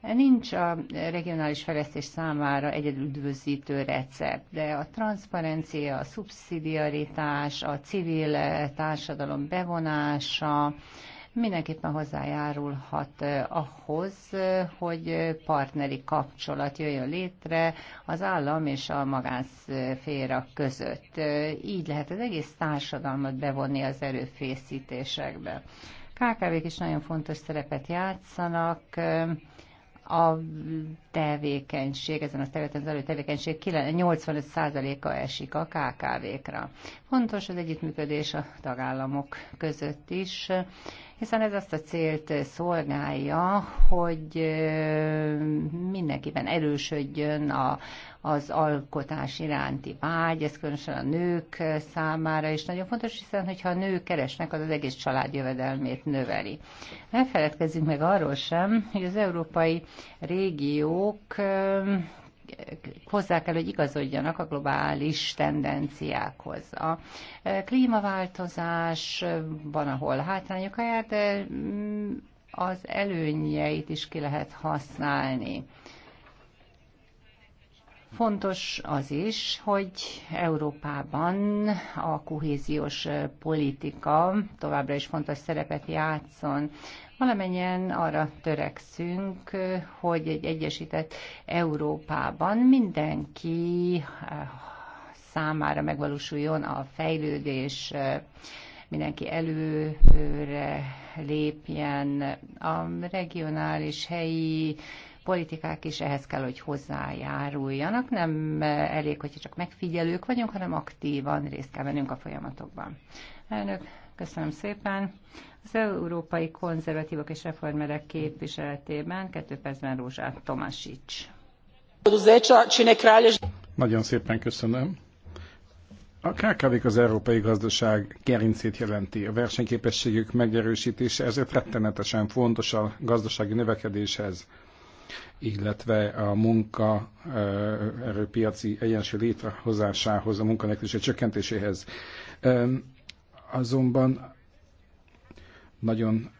Nincs a regionális fejlesztés számára egyedül recept, de a transzparencia, a szubszidiaritás, a civil társadalom bevonása, mindenképpen hozzájárulhat ahhoz, hogy partneri kapcsolat jöjjön létre az állam és a magánszféra között. Így lehet az egész társadalmat bevonni az erőfészítésekbe. KKV-k is nagyon fontos szerepet játszanak a tevékenység, ezen a területen az előtevékenység 85%-a esik a KKV-kra. Fontos az együttműködés a tagállamok között is, hiszen ez azt a célt szolgálja, hogy mindenkiben erősödjön a, az alkotás iránti vágy, ez különösen a nők számára is nagyon fontos, hiszen hogyha a nők keresnek, az az egész család jövedelmét növeli. Ne feledkezzünk meg arról sem, hogy az európai régiók hozzá kell, hogy igazodjanak a globális tendenciákhoz. A e, klímaváltozás e, van, ahol hátrányok jár, de mm, az előnyeit is ki lehet használni. Fontos az is, hogy Európában a kohéziós politika továbbra is fontos szerepet játszon. Valamennyien arra törekszünk, eh, hogy egy egyesített Európában mindenki eh, számára megvalósuljon a fejlődés, eh, mindenki előre lépjen, a regionális, helyi politikák is ehhez kell, hogy hozzájáruljanak. Nem elég, hogyha csak megfigyelők vagyunk, hanem aktívan részt kell vennünk a folyamatokban. Elnök, Köszönöm szépen. Az európai konzervatívok és reformerek képviseletében kettő percben Rózsát Tomasics. Nagyon szépen köszönöm. A kkv az európai gazdaság gerincét jelenti. A versenyképességük megerősítése ezért rettenetesen fontos a gazdasági növekedéshez, illetve a munka eh, erőpiaci egyensúly létrehozásához, a munkanélküliség csökkentéséhez. Azonban nagyon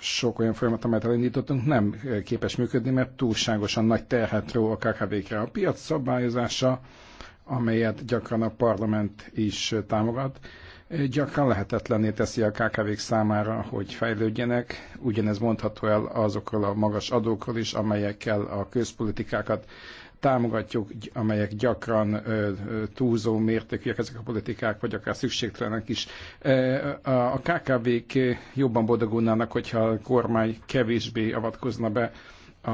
sok olyan folyamat, amelyet elindítottunk, nem képes működni, mert túlságosan nagy terhet ró a KKV-kre. A piac szabályozása, amelyet gyakran a parlament is támogat, gyakran lehetetlenné teszi a kkv számára, hogy fejlődjenek. Ugyanez mondható el azokról a magas adókról is, amelyekkel a közpolitikákat támogatjuk, amelyek gyakran túlzó mértékűek ezek a politikák, vagy akár szükségtelenek is. A KKV-k jobban boldogulnának, hogyha a kormány kevésbé avatkozna be a,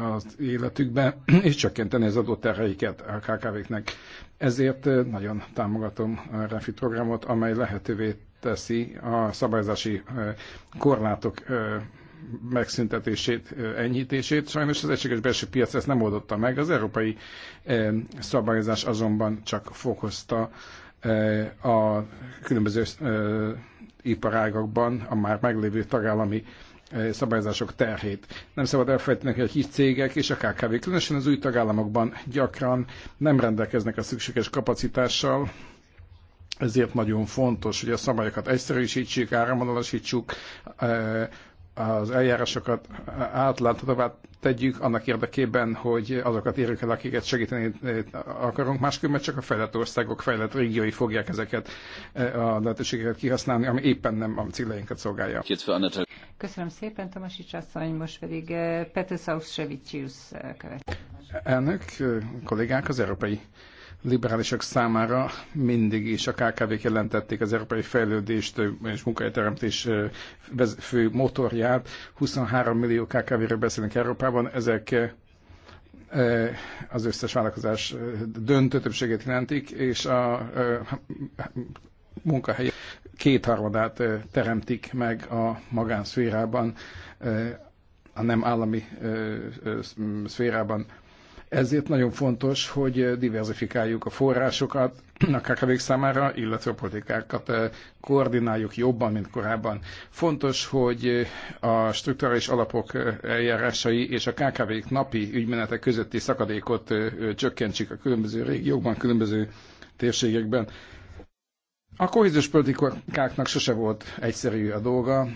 az életükbe, és csökkenteni az adóterheiket a KKV-knek. Ezért nagyon támogatom a REFI programot, amely lehetővé teszi a szabályzási korlátok megszüntetését, enyhítését. Sajnos az egységes belső piac ezt nem oldotta meg, az európai szabályozás azonban csak fokozta a különböző iparágakban a már meglévő tagállami szabályozások terhét. Nem szabad elfelejteni, hogy a kis cégek és a KKV, különösen az új tagállamokban gyakran nem rendelkeznek a szükséges kapacitással, ezért nagyon fontos, hogy a szabályokat egyszerűsítsük, áramadalasítsuk, az eljárásokat átláthatóvá tegyük annak érdekében, hogy azokat érjük el, akiket segíteni akarunk. mert csak a fejlett országok, fejlett régiói fogják ezeket e, a lehetőségeket kihasználni, ami éppen nem a céljainkat szolgálja. Köszönöm szépen, Tomasics asszony, most pedig e, Petr Auschwitz-Sivicius e, következik. Elnök, kollégák, az Európai liberálisok számára mindig is a KKV-k jelentették az európai fejlődést és munkahelyteremtés fő motorját. 23 millió KKV-ről beszélünk Európában, ezek az összes vállalkozás döntő többségét jelentik, és a munkahely kétharmadát teremtik meg a magánszférában, a nem állami szférában. Ezért nagyon fontos, hogy diversifikáljuk a forrásokat a kkv számára, illetve a politikákat eh, koordináljuk jobban, mint korábban. Fontos, hogy eh, a strukturális alapok eh, eljárásai és a kkv napi ügymenetek közötti szakadékot csökkentsük a különböző régiókban, különböző térségekben. A kohéziós politikáknak sose volt egyszerű a dolga,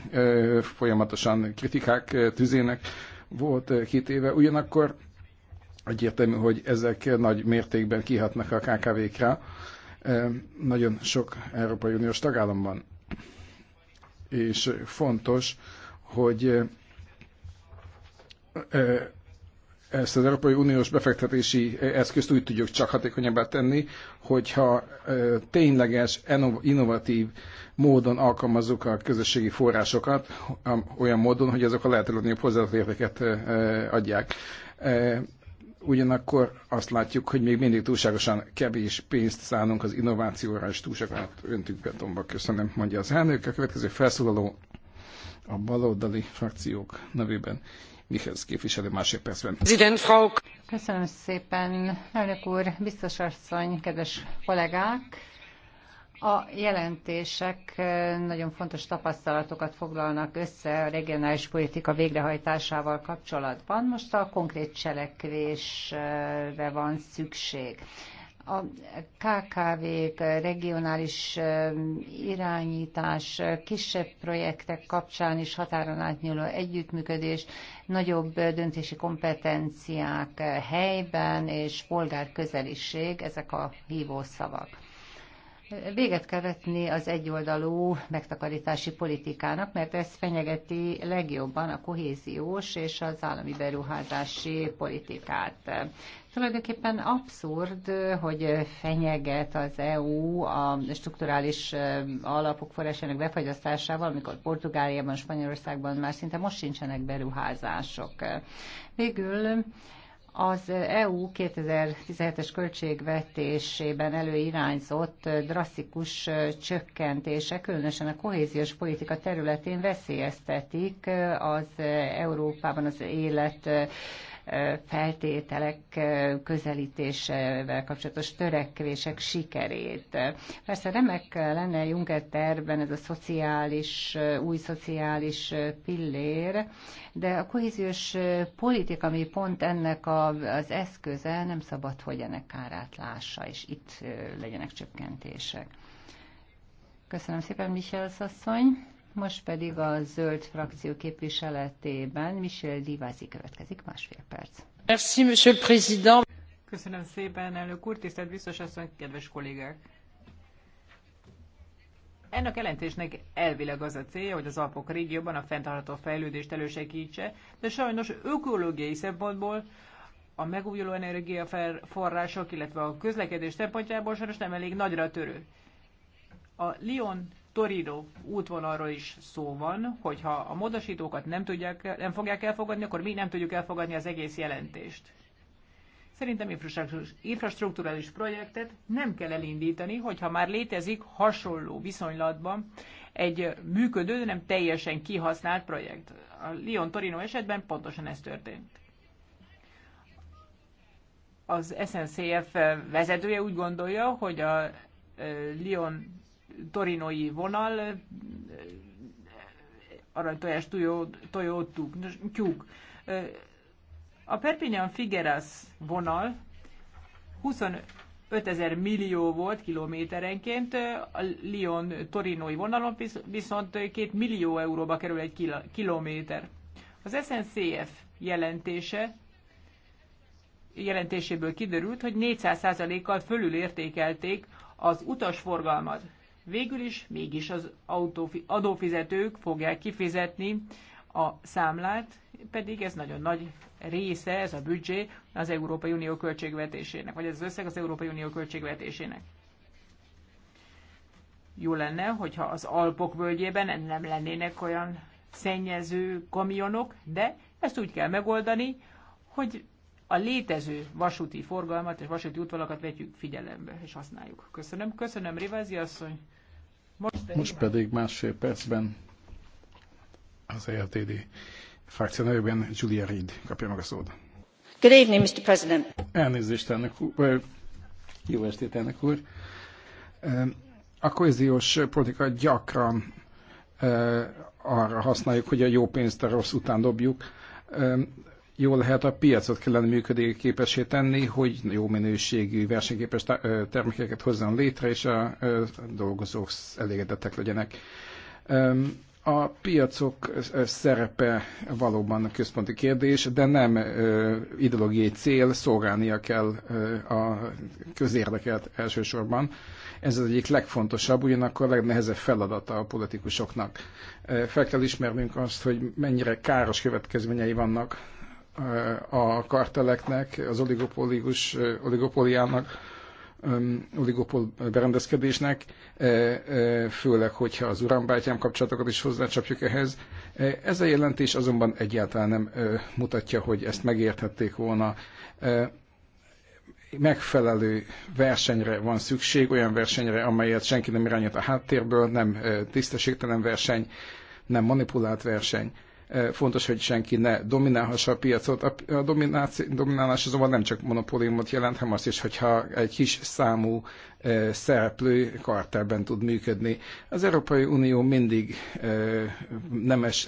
folyamatosan kritikák tüzének volt kitéve, ugyanakkor Egyértelmű, hogy ezek nagy mértékben kihatnak a KKV-kra eh, nagyon sok Európai Uniós tagállamban. És fontos, hogy eh, ezt az Európai Uniós befektetési eszközt úgy tudjuk csak hatékonyabbá tenni, hogyha eh, tényleges, innovatív módon alkalmazzuk a közösségi forrásokat, olyan módon, hogy azok a lehető legnagyobb hozzáadott értéket adják. Ugyanakkor azt látjuk, hogy még mindig túlságosan kevés pénzt szánunk az innovációra, és túlságosan öntünk betonba. Köszönöm, mondja az elnök. A következő felszólaló a baloldali frakciók nevében. Mihez képviselő másfél percben. Köszönöm szépen, elnök úr, biztos asszony, kedves kollégák! A jelentések nagyon fontos tapasztalatokat foglalnak össze a regionális politika végrehajtásával kapcsolatban. Most a konkrét cselekvésre van szükség. A KKV-k, regionális irányítás, kisebb projektek kapcsán is határon átnyúló együttműködés, nagyobb döntési kompetenciák helyben és polgárközeliség, ezek a hívószavak. Véget kell vetni az egyoldalú megtakarítási politikának, mert ez fenyegeti legjobban a kohéziós és az állami beruházási politikát. Tulajdonképpen abszurd, hogy fenyeget az EU a strukturális alapok forrásának befagyasztásával, amikor Portugáliában, Spanyolországban már szinte most sincsenek beruházások. Végül az EU 2017-es költségvetésében előirányzott drasztikus csökkentése, különösen a kohéziós politika területén veszélyeztetik az Európában az élet feltételek közelítésével kapcsolatos törekvések sikerét. Persze remek lenne Juncker tervben ez a szociális, új szociális pillér, de a kohéziós politika, ami pont ennek a, az eszköze, nem szabad, hogy ennek kárát lássa, és itt legyenek csökkentések. Köszönöm szépen, Michel asszony. Most pedig a zöld frakció képviseletében Michel Divázi következik másfél perc. Merci, monsieur le président. Köszönöm szépen, elnök úr, tisztelt biztos asszony, kedves kollégák! Ennek jelentésnek elvileg az a célja, hogy az Alpok régióban a fenntartható fejlődést elősegítse, de sajnos ökológiai szempontból a megújuló energiaforrások, illetve a közlekedés szempontjából sajnos nem elég nagyra törő. A Lyon Torino útvonalról is szó van, hogyha a módosítókat nem, tudják, nem fogják elfogadni, akkor mi nem tudjuk elfogadni az egész jelentést. Szerintem infrastruktúrális projektet nem kell elindítani, hogyha már létezik hasonló viszonylatban egy működő, de nem teljesen kihasznált projekt. A Lyon-Torino esetben pontosan ez történt. Az SNCF vezetője úgy gondolja, hogy a Lyon Torinoi vonal, aranytojás tojó, tojó tyúk. A Perpignan Figueras vonal 25 ezer millió volt kilométerenként, a Lyon torinoi vonalon viszont 2 millió euróba kerül egy kilométer. Az SNCF jelentése jelentéséből kiderült, hogy 400%-kal értékelték az utasforgalmat. Végül is mégis az adófizetők fogják kifizetni a számlát, pedig ez nagyon nagy része, ez a büdzsé az Európai Unió költségvetésének, vagy ez az összeg az Európai Unió költségvetésének. Jó lenne, hogyha az Alpok völgyében nem lennének olyan szennyező kamionok, de ezt úgy kell megoldani, hogy a létező vasúti forgalmat és vasúti útvonalakat vegyük figyelembe és használjuk. Köszönöm. Köszönöm, Rivázi asszony. Most pedig, másfél percben az ELTD frakció nevében Julia Reid kapja meg a szót. Good evening, Mr. President. Elnézést, elnök úr. Jó estét, elnök úr. A kohéziós politika gyakran arra használjuk, hogy a jó pénzt a rossz után dobjuk jól lehet a piacot kellene működőképessé tenni, hogy jó minőségű, versenyképes termékeket hozzon létre, és a dolgozók elégedettek legyenek. A piacok szerepe valóban központi kérdés, de nem ideológiai cél, szolgálnia kell a közérdeket elsősorban. Ez az egyik legfontosabb, ugyanakkor a legnehezebb feladata a politikusoknak. Fel kell ismernünk azt, hogy mennyire káros következményei vannak a karteleknek, az oligopolius, oligopoliának, oligopol berendezkedésnek, e, e, főleg, hogyha az urambátyám kapcsolatokat is hozzácsapjuk ehhez. E, ez a jelentés azonban egyáltalán nem mutatja, hogy ezt megérthették volna. Megfelelő versenyre van szükség, olyan versenyre, amelyet senki nem irányít a háttérből, nem tisztességtelen verseny, nem manipulált verseny Fontos, hogy senki ne dominálhassa a piacot. A dominálás azonban nem csak monopóliumot jelent, hanem azt is, hogyha egy kis számú szereplő kartelben tud működni. Az Európai Unió mindig nemes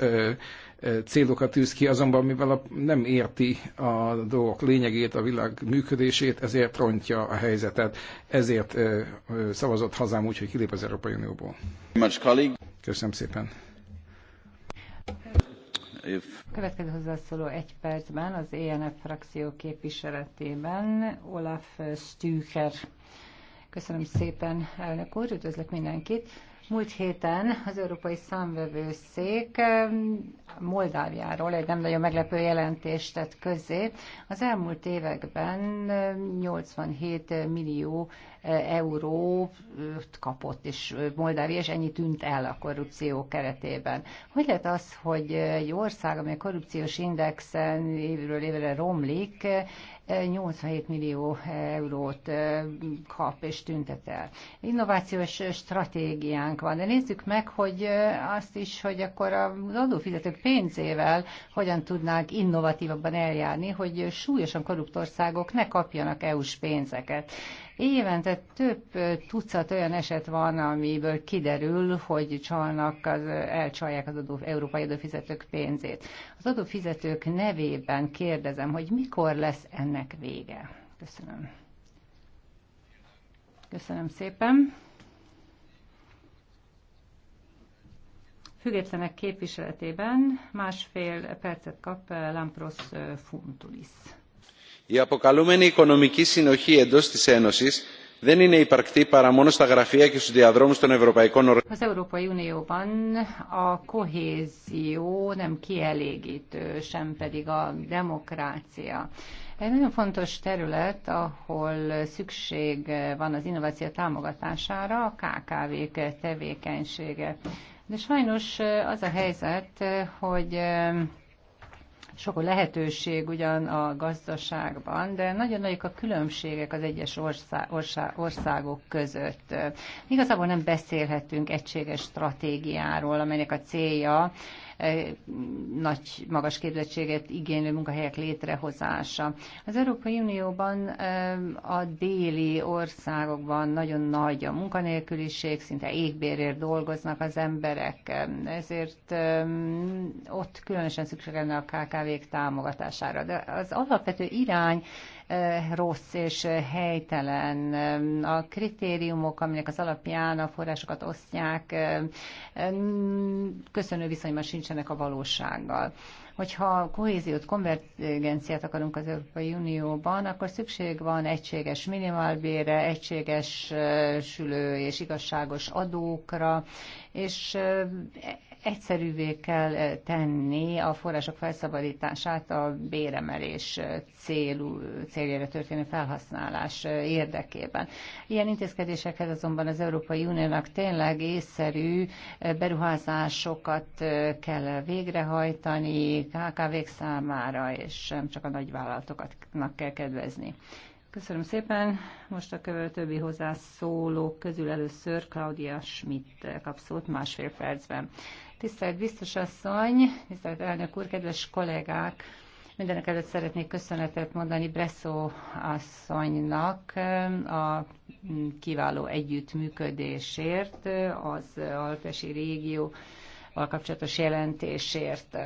célokat tűz ki, azonban mivel nem érti a dolgok lényegét, a világ működését, ezért rontja a helyzetet. Ezért szavazott hazám úgy, hogy kilép az Európai Unióból. Köszönöm szépen if... Következő hozzászóló egy percben az ENF frakció képviseletében Olaf Stücher. Köszönöm szépen, elnök úr, üdvözlök mindenkit. Múlt héten az Európai Számvevőszék Moldáviáról egy nem nagyon meglepő jelentést tett közé. Az elmúlt években 87 millió eurót kapott, és Moldávia, és ennyi tűnt el a korrupció keretében. Hogy lehet az, hogy egy ország, amely a korrupciós indexen évről évre romlik, 87 millió eurót kap és tüntet el. Innovációs stratégiánk van, de nézzük meg, hogy azt is, hogy akkor az adófizetők pénzével hogyan tudnánk innovatívabban eljárni, hogy súlyosan korrupt országok ne kapjanak EU-s pénzeket. Évente több tucat olyan eset van, amiből kiderül, hogy csalnak, az, elcsalják az adó, európai adófizetők pénzét. Az adófizetők nevében kérdezem, hogy mikor lesz ennek vége. Köszönöm. Köszönöm szépen. Függetlenek képviseletében másfél percet kap Lampros Funtulis η αποκαλούμενη οικονομική συνοχή εντό τη Ένωση δεν είναι υπαρκτή παρά μόνο στα γραφεία και στου διαδρόμου των ευρωπαϊκών οργανώσεων. Egy nagyon fontos terület, ahol szükség van az innováció támogatására, a KKV-k tevékenysége. De sajnos az a helyzet, hogy sok lehetőség ugyan a gazdaságban, de nagyon nagyok a különbségek az egyes ország, ország, országok között. Igazából nem beszélhetünk egységes stratégiáról, amelynek a célja nagy magas képzettséget igénylő munkahelyek létrehozása. Az Európai Unióban a déli országokban nagyon nagy a munkanélküliség, szinte égbérért dolgoznak az emberek, ezért ott különösen szükség lenne a KKV-k támogatására. De az alapvető irány rossz és helytelen. A kritériumok, aminek az alapján a forrásokat osztják, köszönő viszonyban sincsenek a valósággal hogyha kohéziót, konvergenciát akarunk az Európai Unióban, akkor szükség van egységes minimálbére, egységes sülő és igazságos adókra, és egyszerűvé kell eh, tenni a források felszabadítását a béremelés eh, célú, céljára történő felhasználás eh, érdekében. Ilyen intézkedésekhez azonban az Európai Uniónak tényleg észszerű beruházásokat kell végrehajtani KKV-k számára, és nem csak a nagyvállalatoknak kell kedvezni. Köszönöm szépen. Most a kövő többi hozzászólók közül először Claudia Schmidt kap szót másfél percben. Tisztelt biztos asszony, tisztelt elnök úr, kedves kollégák! Mindenek előtt szeretnék köszönetet mondani Bresszó asszonynak a kiváló együttműködésért az Alpesi régió kapcsolatos jelentésért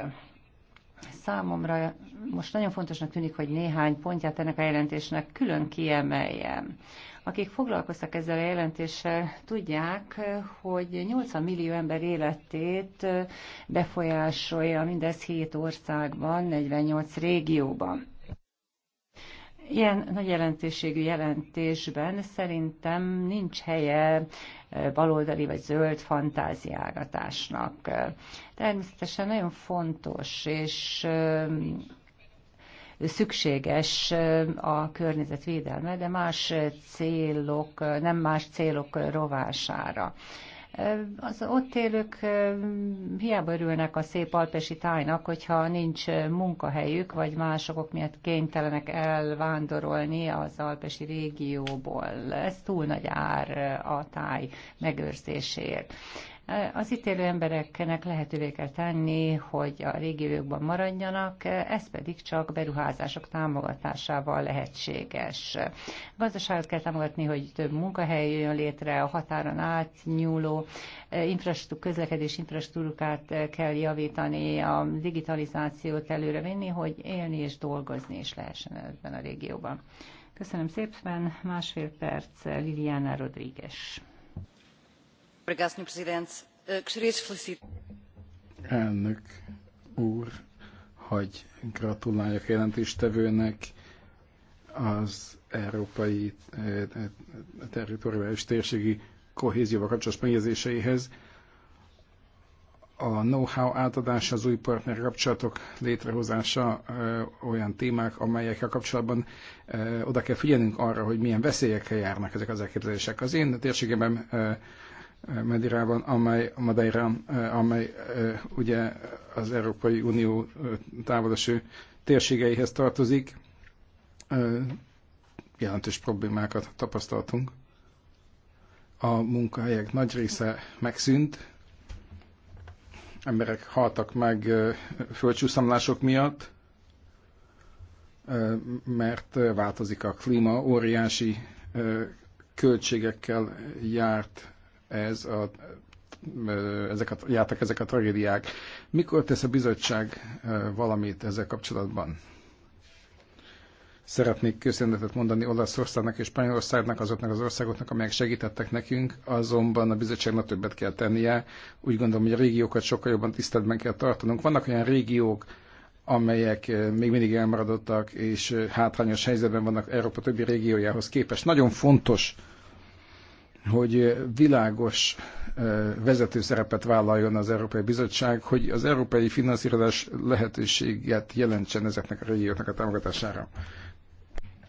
számomra most nagyon fontosnak tűnik, hogy néhány pontját ennek a jelentésnek külön kiemeljem. Akik foglalkoztak ezzel a jelentéssel, tudják, hogy 80 millió ember életét befolyásolja mindez 7 országban, 48 régióban. Ilyen nagy jelentőségű jelentésben szerintem nincs helye eh, baloldali vagy zöld fantáziálgatásnak. Természetesen nagyon fontos és eh, szükséges eh, a környezetvédelme, de más célok, nem más célok rovására. Az ott élők hiába örülnek a szép alpesi tájnak, hogyha nincs munkahelyük, vagy másokok miatt kénytelenek elvándorolni az alpesi régióból. Ez túl nagy ár a táj megőrzéséért. Az itt élő embereknek lehetővé kell tenni, hogy a régiókban maradjanak, ez pedig csak beruházások támogatásával lehetséges. A gazdaságot kell támogatni, hogy több munkahely jöjjön létre, a határon átnyúló eh, infrastruktúr, közlekedés infrastruktúrát eh, kell javítani, a digitalizációt vinni, hogy élni és dolgozni is lehessen ebben a régióban. Köszönöm szépen, másfél perc Liliana Rodríguez. Eh, Elnök úr, hogy gratuláljak jelentéstevőnek az európai eh, eh, territoriális térségi kohézióval kapcsolatos megjegyzéseihez. A know-how átadása, az új partner kapcsolatok létrehozása olyan témák, amelyekkel kapcsolatban oda kell figyelnünk arra, hogy milyen veszélyekkel járnak ezek az elképzelések. Az én térségemben Madeirában, amely, Madeirán, amely ugye az Európai Unió távoleső térségeihez tartozik. Jelentős problémákat tapasztaltunk. A munkahelyek nagy része megszűnt, emberek haltak meg földcsúszamlások miatt, mert változik a klíma, óriási költségekkel járt ez a, ezek a, jártak ezek a tragédiák. Mikor tesz a bizottság valamit ezzel kapcsolatban? Szeretnék köszönetet mondani Olaszországnak és Spanyolországnak, azoknak az országoknak, amelyek segítettek nekünk, azonban a bizottságnak többet kell tennie. Úgy gondolom, hogy a régiókat sokkal jobban tiszteletben kell tartanunk. Vannak olyan régiók, amelyek még mindig elmaradottak és hátrányos helyzetben vannak Európa többi régiójához képest. Nagyon fontos hogy világos vezető szerepet vállaljon az Európai Bizottság, hogy az európai finanszírozás lehetőséget jelentsen ezeknek a régióknak a támogatására.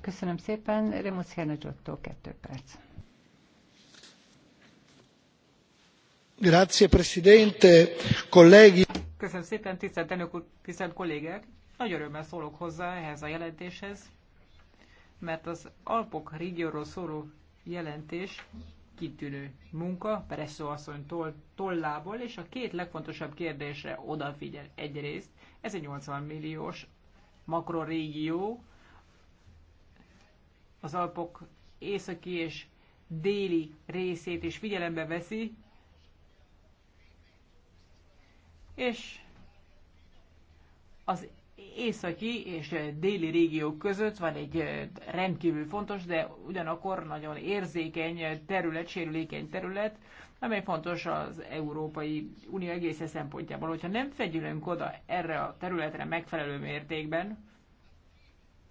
Köszönöm szépen. Remus Hernagyotto, kettő perc. Grazie, Presidente, colleghi. Köszönöm szépen, tisztelt elnök úr, tisztelt kollégák. Nagy örömmel szólok hozzá ehhez a jelentéshez, mert az Alpok régióról szóló jelentés kitűnő munka Presszó asszony toll, tollából, és a két legfontosabb kérdésre odafigyel egyrészt. Ez egy 80 milliós makrorégió, az Alpok északi és déli részét is figyelembe veszi, és az északi és déli régiók között van egy rendkívül fontos, de ugyanakkor nagyon érzékeny terület, sérülékeny terület, amely fontos az Európai Unió egész szempontjából. Hogyha nem fegyülünk oda erre a területre megfelelő mértékben,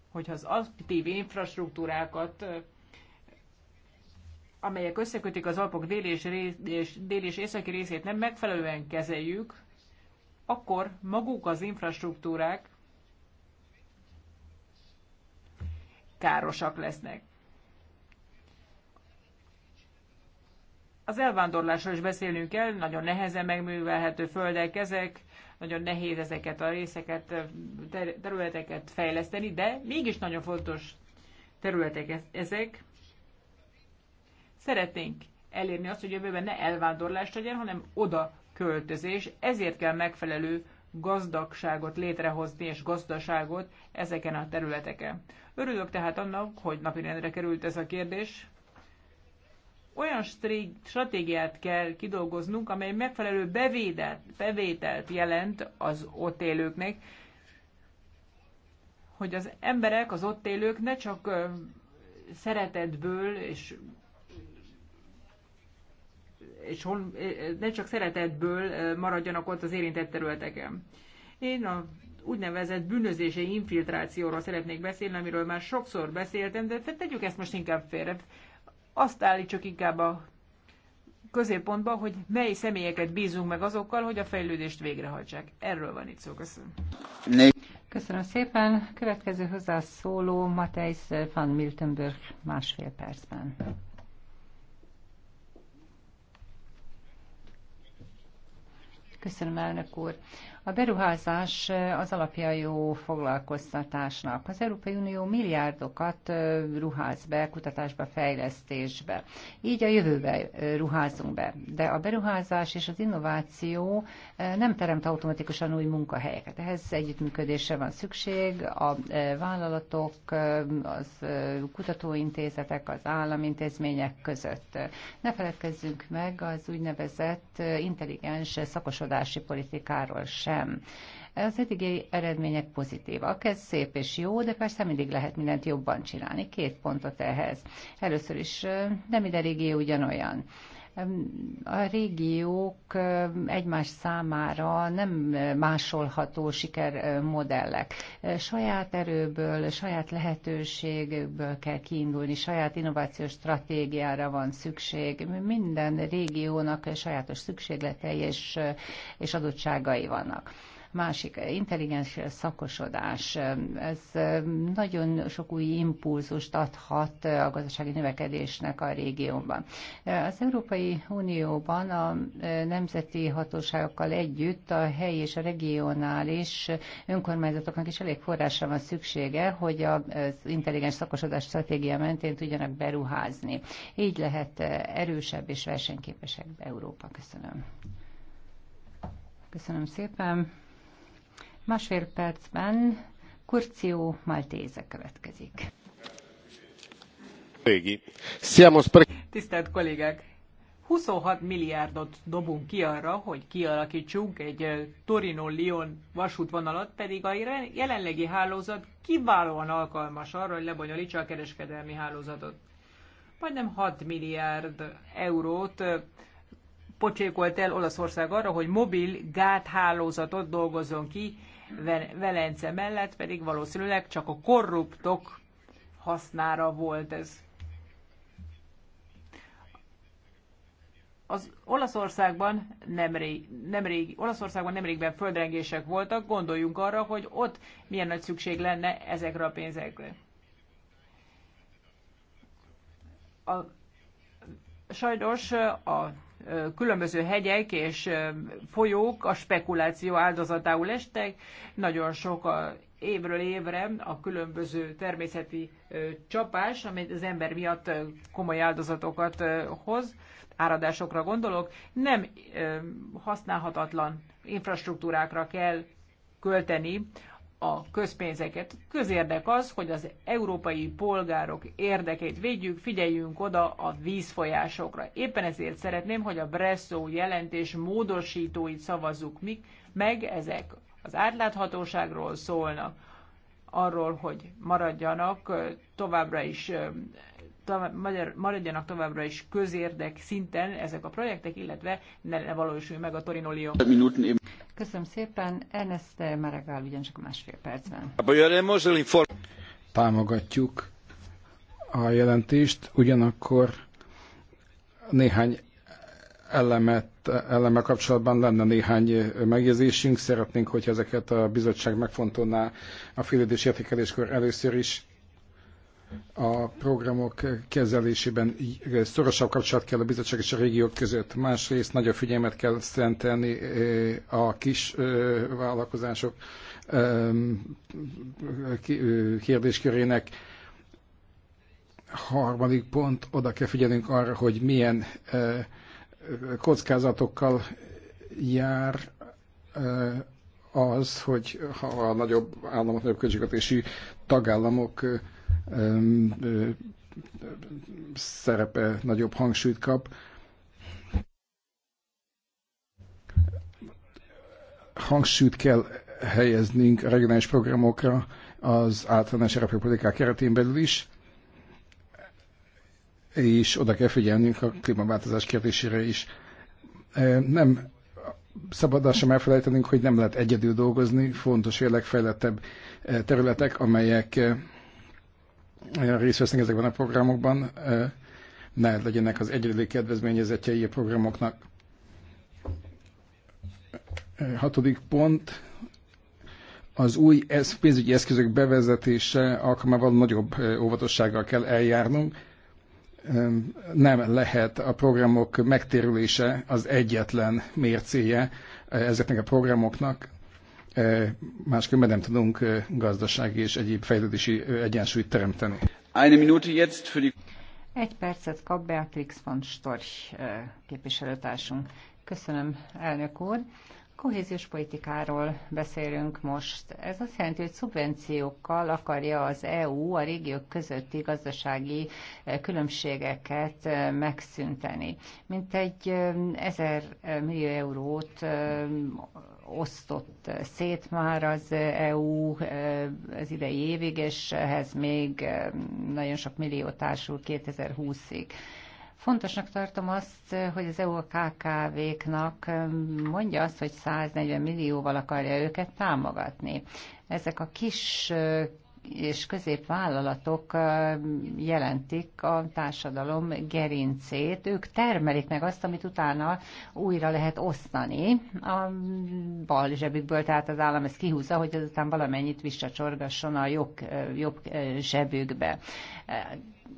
hogyha az aktív infrastruktúrákat, amelyek összekötik az Alpok déli és, rész, és, déli és északi részét nem megfelelően kezeljük, akkor maguk az infrastruktúrák károsak lesznek. Az elvándorlásról is beszélnünk kell, nagyon nehezen megművelhető földek ezek, nagyon nehéz ezeket a részeket, területeket fejleszteni, de mégis nagyon fontos területek ezek. Szeretnénk elérni azt, hogy jövőben ne elvándorlást legyen, hanem oda költözés, ezért kell megfelelő gazdagságot létrehozni és gazdaságot ezeken a területeken. Örülök tehát annak, hogy napirendre került ez a kérdés. Olyan stratégiát kell kidolgoznunk, amely megfelelő bevételt, bevételt jelent az ott élőknek, hogy az emberek, az ott élők ne csak szeretetből és és hon, ne csak szeretetből maradjanak ott az érintett területeken. Én a úgynevezett bűnözési infiltrációról szeretnék beszélni, amiről már sokszor beszéltem, de tegyük ezt most inkább félre. Azt állítsuk inkább a középpontba, hogy mely személyeket bízunk meg azokkal, hogy a fejlődést végrehajtsák. Erről van itt szó. Köszönöm. Köszönöm szépen. Következő hozzászóló Matthijs van Miltenburg másfél percben. Köszönöm, elnök úr. A beruházás az alapja jó foglalkoztatásnak. Az Európai Unió milliárdokat ruház be kutatásba, fejlesztésbe. Így a jövőbe ruházunk be. De a beruházás és az innováció nem teremt automatikusan új munkahelyeket. Ehhez együttműködésre van szükség. A vállalatok, az kutatóintézetek, az államintézmények között. Ne feledkezzünk meg az úgynevezett intelligens szakosodási politikáról sem sem. Az eddigi eredmények pozitívak, ez szép és jó, de persze mindig lehet mindent jobban csinálni. Két pontot ehhez. Először is nem ide ugyanolyan a régiók egymás számára nem másolható sikermodellek. Saját erőből, saját lehetőségből kell kiindulni, saját innovációs stratégiára van szükség. Minden régiónak sajátos szükségletei és, és adottságai vannak másik eh, intelligens eh, szakosodás. Eh, ez nagyon sok új impulzust adhat a gazdasági növekedésnek a régióban. Az Európai Unióban a nemzeti hatóságokkal együtt a helyi és a regionális önkormányzatoknak is elég forrásra van szüksége, hogy az intelligens szakosodás stratégia mentén tudjanak beruházni. Így lehet erősebb és versenyképesebb Európa. Köszönöm. Köszönöm szépen. Másfél percben Kurció Maltéze következik. Tisztelt kollégák! 26 milliárdot dobunk ki arra, hogy kialakítsunk egy Torino-Lyon vasútvonalat, pedig a jelenlegi hálózat kiválóan alkalmas arra, hogy lebonyolítsa a kereskedelmi hálózatot. Majdnem 6 milliárd eurót pocsékolt el Olaszország arra, hogy mobil gáthálózatot dolgozzon ki Velence mellett pedig valószínűleg csak a korruptok hasznára volt ez. Az Olaszországban nemrég, nemrég, Olaszországban nemrégben földrengések voltak, gondoljunk arra, hogy ott milyen nagy szükség lenne ezekre a pénzekre. A, sajnos a különböző hegyek és folyók a spekuláció áldozatául estek. Nagyon sok a évről évre a különböző természeti csapás, amit az ember miatt komoly áldozatokat hoz, áradásokra gondolok, nem használhatatlan infrastruktúrákra kell költeni a közpénzeket. Közérdek az, hogy az európai polgárok érdekét védjük, figyeljünk oda a vízfolyásokra. Éppen ezért szeretném, hogy a Bresszó jelentés módosítóit szavazzuk mi, meg ezek az átláthatóságról szólnak, arról, hogy maradjanak továbbra is maradjanak továbbra is közérdek szinten ezek a projektek, illetve ne, ne valósulj meg a Torinolio. Köszönöm szépen. Ernest Maregál ugyancsak másfél percben. Támogatjuk a jelentést, ugyanakkor néhány elemet, eleme kapcsolatban lenne néhány megjegyzésünk. Szeretnénk, hogy ezeket a bizottság megfontolná a félidős értékeléskor először is a programok kezelésében szorosabb kapcsolat kell a bizottság és a régiók között. Másrészt nagyobb figyelmet kell szentelni a kis vállalkozások kérdéskörének. Harmadik pont, oda kell figyelnünk arra, hogy milyen kockázatokkal jár az, hogy ha a nagyobb államok, nagyobb költségvetésű tagállamok szerepe nagyobb hangsúlyt kap. Hangsúlyt kell helyeznünk a regionális programokra az általános európai politikák keretén belül is, és oda kell figyelnünk a klímaváltozás kérdésére is. Nem szabadon sem elfelejtenünk, hogy nem lehet egyedül dolgozni, fontos, hogy a legfejlettebb területek, amelyek részt vesznek ezekben a programokban, ne legyenek az egyedüli kedvezményezetjei a programoknak. Hatodik pont, az új pénzügyi eszközök bevezetése alkalmával nagyobb óvatossággal kell eljárnunk. Nem lehet a programok megtérülése az egyetlen mércéje ezeknek a programoknak máskülönben nem tudunk gazdasági és egyéb fejlődési egyensúlyt teremteni. Egy percet kap Beatrix von Storch képviselőtársunk. Köszönöm, elnök úr. Kohéziós politikáról beszélünk most. Ez azt jelenti, hogy szubvenciókkal akarja az EU a régiók közötti gazdasági eh, különbségeket eh, megszünteni. Mint egy eh, ezer millió eurót osztott szét már az EU az idei évig, és ehhez még nagyon sok millió társul 2020-ig. Fontosnak tartom azt, hogy az EU a KKV-knak um, mondja azt, hogy 140 millióval akarja őket támogatni. Ezek a kis és középvállalatok jelentik a társadalom gerincét. Ők termelik meg azt, amit utána újra lehet osztani. A bal zsebükből, tehát az állam ezt kihúzza, hogy azután valamennyit visszacsorgasson a jobb, jobb zsebükbe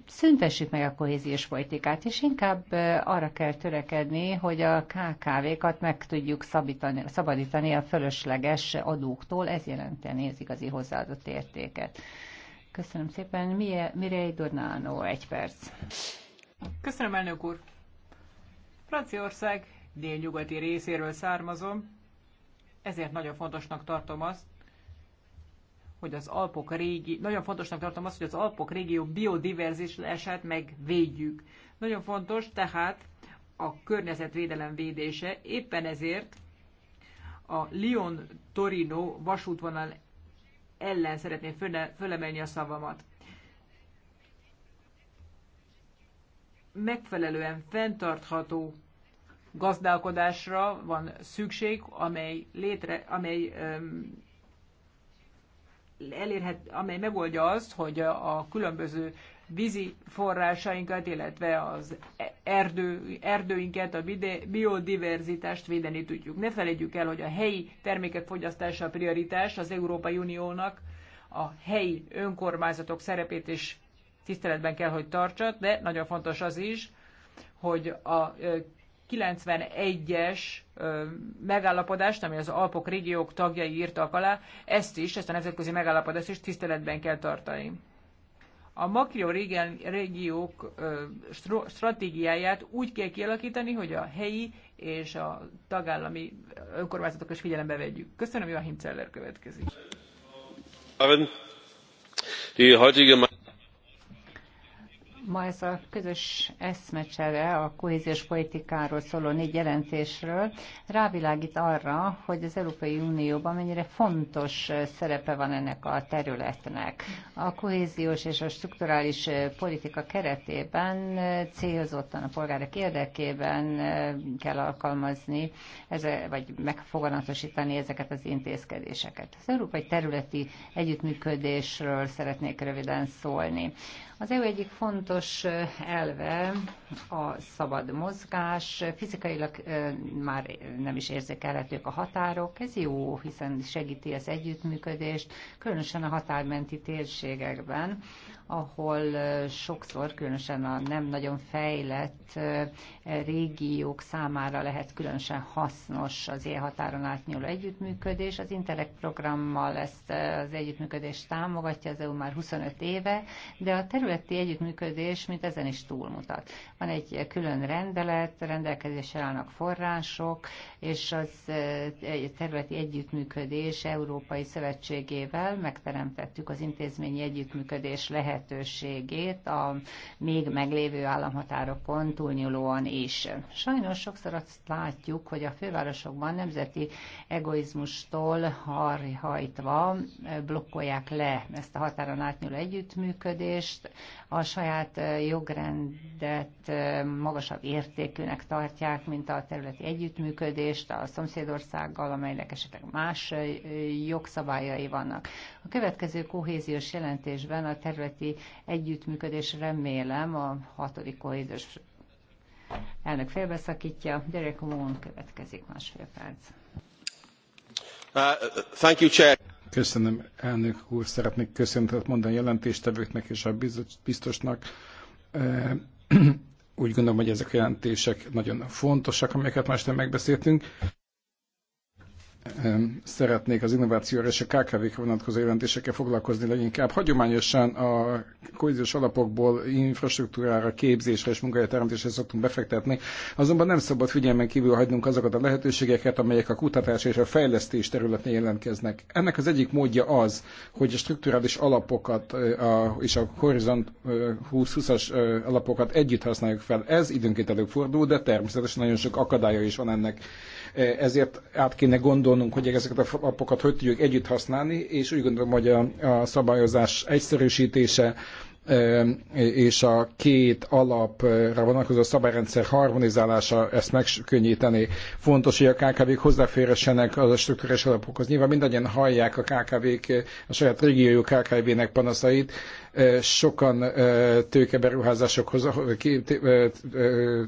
szüntessük meg a kohéziós politikát, és inkább arra kell törekedni, hogy a KKV-kat meg tudjuk szabítani, szabadítani a fölösleges adóktól, ez jelenteni az igazi hozzáadott értéket. Köszönöm szépen. Mirei Dornánó, egy perc. Köszönöm, elnök úr. Franciaország délnyugati részéről származom, ezért nagyon fontosnak tartom azt, hogy az Alpok régi, nagyon fontosnak tartom azt, hogy az Alpok régió biodiverzitását megvédjük. Nagyon fontos tehát a környezetvédelem védése, éppen ezért a Lyon-Torino vasútvonal ellen szeretném fölemelni a szavamat. Megfelelően fenntartható gazdálkodásra van szükség, amely, létre, amely elérhet, amely megoldja azt, hogy a különböző vízi forrásainkat, illetve az erdő, erdőinket, a biodiverzitást védeni tudjuk. Ne felejtjük el, hogy a helyi termékek fogyasztása a prioritás az Európai Uniónak, a helyi önkormányzatok szerepét is tiszteletben kell, hogy tartsa, de nagyon fontos az is, hogy a 91-es megállapodást, ami az Alpok régiók tagjai írtak alá, ezt is, ezt a nemzetközi megállapodást is tiszteletben kell tartani. A makrió régiók stratégiáját úgy kell kialakítani, hogy a helyi és a tagállami önkormányzatok is figyelembe vegyük. Köszönöm, Joachim Celler következik. Die heutige Ma ez a közös eszmecsere a kohéziós politikáról szóló négy jelentésről rávilágít arra, hogy az Európai Unióban mennyire fontos szerepe van ennek a területnek. A kohéziós és a strukturális politika keretében célzottan a polgárok érdekében kell alkalmazni, vagy megfoganatosítani ezeket az intézkedéseket. Az európai területi együttműködésről szeretnék röviden szólni. Az EU egyik fontos elve a szabad mozgás. Fizikailag már nem is érzékelhetők a határok. Ez jó, hiszen segíti az együttműködést, különösen a határmenti térségekben, ahol sokszor, különösen a nem nagyon fejlett régiók számára lehet különösen hasznos az élhatáron átnyúló együttműködés. Az Interreg programmal ezt az együttműködést támogatja az EU már 25 éve, de a területi együttműködés mint ezen is túlmutat. Van egy külön rendelet, rendelkezésre állnak források, és az területi együttműködés Európai Szövetségével megteremtettük az intézményi együttműködés lehet lehetőségét a még meglévő államhatárokon túlnyúlóan is. Sajnos sokszor azt látjuk, hogy a fővárosokban nemzeti egoizmustól harhajtva blokkolják le ezt a határon átnyúló együttműködést, a saját jogrendet magasabb értékűnek tartják, mint a területi együttműködést a szomszédországgal, amelynek esetleg más jogszabályai vannak. A következő kohéziós jelentésben a területi együttműködés remélem a hatodik kohéziós elnök félbeszakítja. Derek Moon következik másfél perc. Uh, thank you, Chair. Köszönöm, elnök úr, szeretnék köszöntet mondani a jelentéstevőknek és a biztosnak. *clears throat* Úgy gondolom, hogy ezek a jelentések nagyon fontosak, amelyeket most megbeszéltünk szeretnék az innovációra és a KKV-kra vonatkozó jelentésekkel foglalkozni leginkább. Hagyományosan a kohéziós alapokból infrastruktúrára, képzésre és munkahelyteremtésre szoktunk befektetni, azonban nem szabad figyelmen kívül hagynunk azokat a lehetőségeket, amelyek a kutatás és a fejlesztés területén jelentkeznek. Ennek az egyik módja az, hogy a strukturális alapokat a, és a Horizont 2020-as alapokat együtt használjuk fel. Ez időnként előfordul, de természetesen nagyon sok akadálya is van ennek E, ezért át kéne gondolnunk, hogy ezeket a appokat hogy tudjuk együtt használni, és úgy gondolom, hogy a, a szabályozás egyszerűsítése, e, és a két alapra vonatkozó szabályrendszer harmonizálása ezt megkönnyíteni. Fontos, hogy a KKV-k hozzáférhessenek az a struktúrás alapokhoz. Nyilván mindannyian hallják a KKV-k, a saját régiójú KKV-nek panaszait, sokan tőkeberuházásokhoz,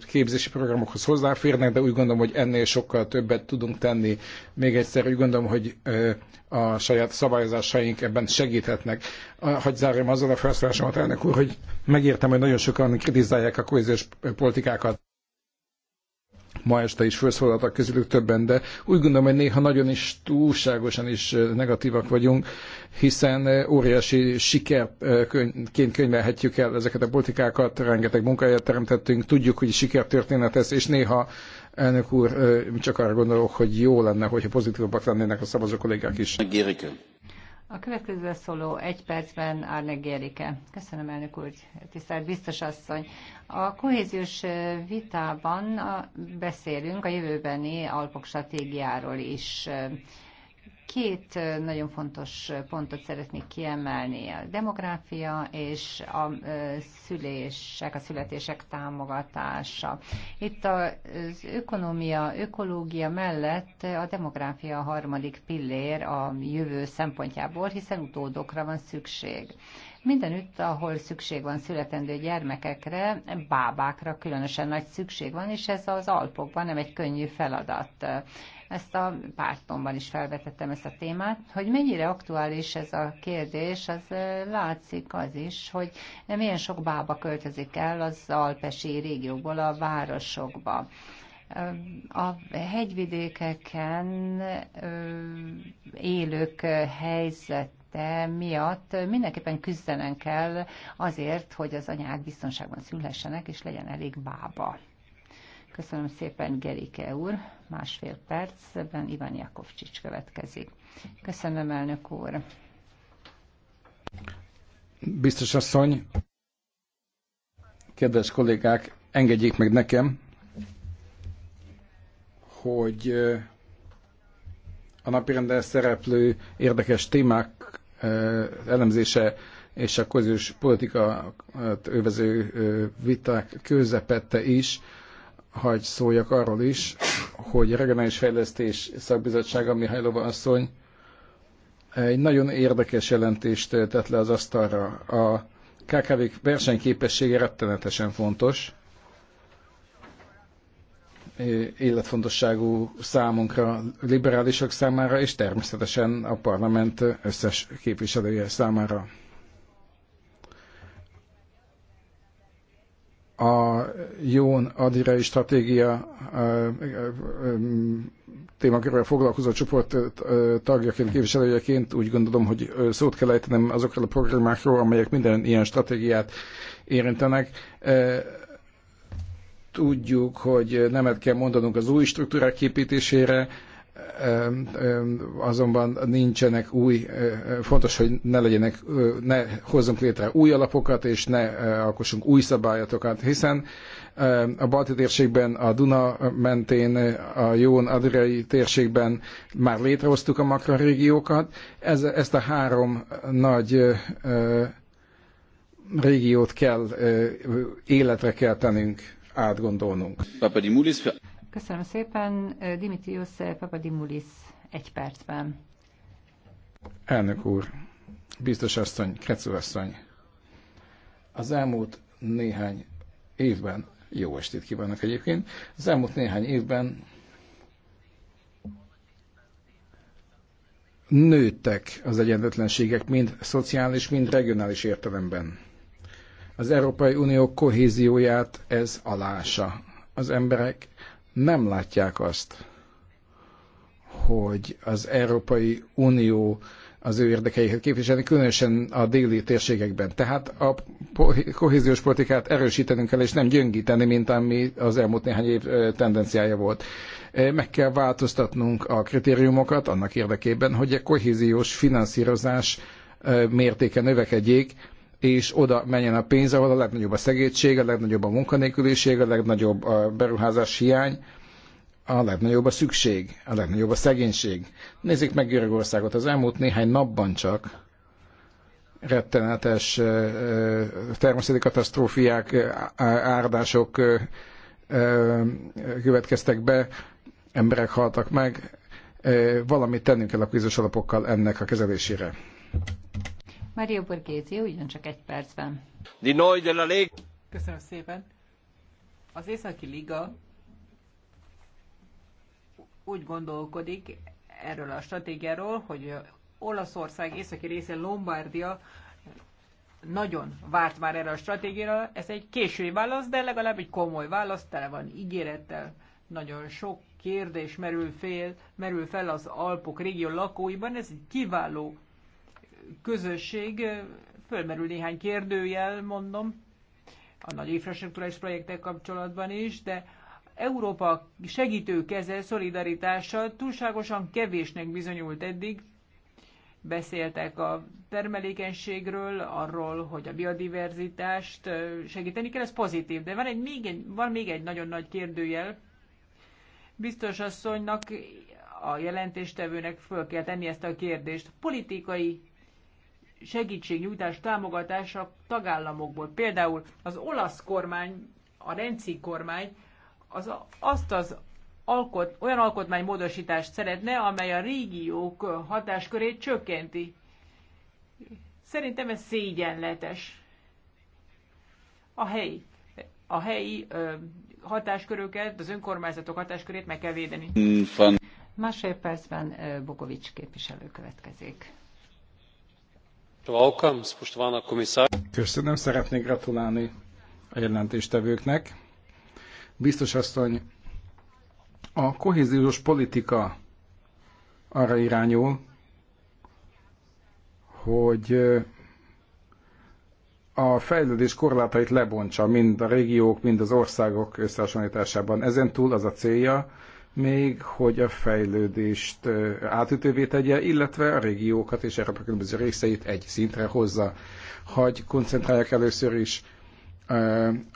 képzési programokhoz hozzáférnek, de úgy gondolom, hogy ennél sokkal többet tudunk tenni. Még egyszer úgy gondolom, hogy a saját szabályozásaink ebben segíthetnek. Hagy zárjam azzal a felszólásomat, elnök úr, hogy megértem, hogy nagyon sokan kritizálják a kohéziós politikákat ma este is felszólaltak közülük többen, de úgy gondolom, hogy néha nagyon is túlságosan is negatívak vagyunk, hiszen óriási sikerként könyvelhetjük el ezeket a politikákat, rengeteg munkáját, teremtettünk, tudjuk, hogy sikertörténet ez, és néha elnök úr, csak arra gondolok, hogy jó lenne, hogyha pozitívabbak lennének a szavazó kollégák is. Gérike. A következő szóló egy percben Árnek Gérike. Köszönöm, elnök úr, tisztelt biztos asszony. A kohéziós vitában beszélünk a jövőbeni Alpok stratégiáról is két nagyon fontos pontot szeretnék kiemelni, a demográfia és a szülések, a születések támogatása. Itt az ökonomia, ökológia mellett a demográfia a harmadik pillér a jövő szempontjából, hiszen utódokra van szükség. Mindenütt, ahol szükség van születendő gyermekekre, bábákra különösen nagy szükség van, és ez az Alpokban nem egy könnyű feladat ezt a pártomban is felvetettem ezt a témát. Hogy mennyire aktuális ez a kérdés, az látszik az is, hogy milyen sok bába költözik el az alpesi régióból a városokba. A hegyvidékeken élők helyzet helyzete miatt mindenképpen küzdenen kell azért, hogy az anyák biztonságban szülhessenek, és legyen elég bába. Köszönöm szépen, Gerike úr. Másfél percben Ivan Jakovcsics következik. Köszönöm, elnök úr. Biztos asszony, kedves kollégák, engedjék meg nekem, hogy a napirenden szereplő érdekes témák elemzése és a közös politika övező viták közepette is hagy szóljak arról is, hogy a Regionális Fejlesztés Szakbizottsága Mihálylova asszony egy nagyon érdekes jelentést tett le az asztalra. A kkv versenyképessége rettenetesen fontos, életfontosságú számunkra, liberálisok számára, és természetesen a parlament összes képviselője számára. a Jón Adirai stratégia témakörrel foglalkozó csoport tagjaként, képviselőjeként úgy gondolom, hogy szót kell ejtenem azokról a problémákról, amelyek minden ilyen stratégiát érintenek. Tudjuk, hogy nemet kell mondanunk az új struktúrák képítésére, azonban nincsenek új, fontos, hogy ne legyenek, ne hozzunk létre új alapokat, és ne alkossunk új szabályatokat, hiszen a balti térségben, a Duna mentén, a Jón Adriai térségben már létrehoztuk a makrorégiókat. Ez, ezt a három nagy régiót kell, életre kell tennünk, átgondolnunk. Köszönöm szépen. Dimitrios Papadimulis egy percben. Elnök úr, biztos asszony, Kretszó asszony, az elmúlt néhány évben, jó estét kívánok egyébként, az elmúlt néhány évben nőttek az egyenlőtlenségek mind szociális, mind regionális értelemben. Az Európai Unió kohézióját ez alása. Az emberek nem látják azt, hogy az Európai Unió az ő érdekeiket képviselni, különösen a déli térségekben. Tehát a kohéziós politikát erősítenünk kell, és nem gyöngíteni, mint ami az elmúlt néhány év tendenciája volt. Meg kell változtatnunk a kritériumokat annak érdekében, hogy a kohéziós finanszírozás mértéke növekedjék, és oda menjen a pénz, ahol a legnagyobb a szegénység, a legnagyobb a munkanélküliség, a legnagyobb a beruházás hiány, a legnagyobb a szükség, a legnagyobb a szegénység. Nézzék meg Görögországot, az elmúlt néhány napban csak rettenetes természeti katasztrófiák, áradások következtek be, emberek haltak meg, valamit tennünk kell a krízis alapokkal ennek a kezelésére. Mario Borgézio, ugyancsak egy percben. Di noi della Lega. Köszönöm szépen. Az Északi Liga úgy gondolkodik erről a stratégiáról, hogy Olaszország északi része Lombardia nagyon várt már erre a stratégiára. Ez egy késői válasz, de legalább egy komoly válasz, tele van ígérettel. Nagyon sok kérdés merül, fél, merül fel az Alpok régió lakóiban. Ez egy kiváló közösség, fölmerül néhány kérdőjel, mondom, a nagy infrastruktúrális projektek kapcsolatban is, de Európa segítő keze szolidaritása túlságosan kevésnek bizonyult eddig. Beszéltek a termelékenységről, arról, hogy a biodiverzitást segíteni kell, ez pozitív, de van, egy, még egy, van még egy nagyon nagy kérdőjel. Biztos asszonynak, a jelentéstevőnek föl kell tenni ezt a kérdést. Politikai segítségnyújtás, támogatás a tagállamokból. Például az olasz kormány, a Renci kormány az, azt az alkot, olyan alkotmánymódosítást szeretne, amely a régiók hatáskörét csökkenti. Szerintem ez szégyenletes. A helyi, a helyi ö, hatásköröket, az önkormányzatok hatáskörét meg kell védeni. Másfél percben Bogovics képviselő következik. Köszönöm, szeretnék gratulálni a jelentéstevőknek. Biztos asszony, a kohéziós politika arra irányul, hogy a fejlődés korlátait lebontsa mind a régiók, mind az országok összehasonlításában. Ezen túl az a célja, még, hogy a fejlődést átütővé tegye, illetve a régiókat és Európa különböző részeit egy szintre hozza. Hagy koncentrálják először is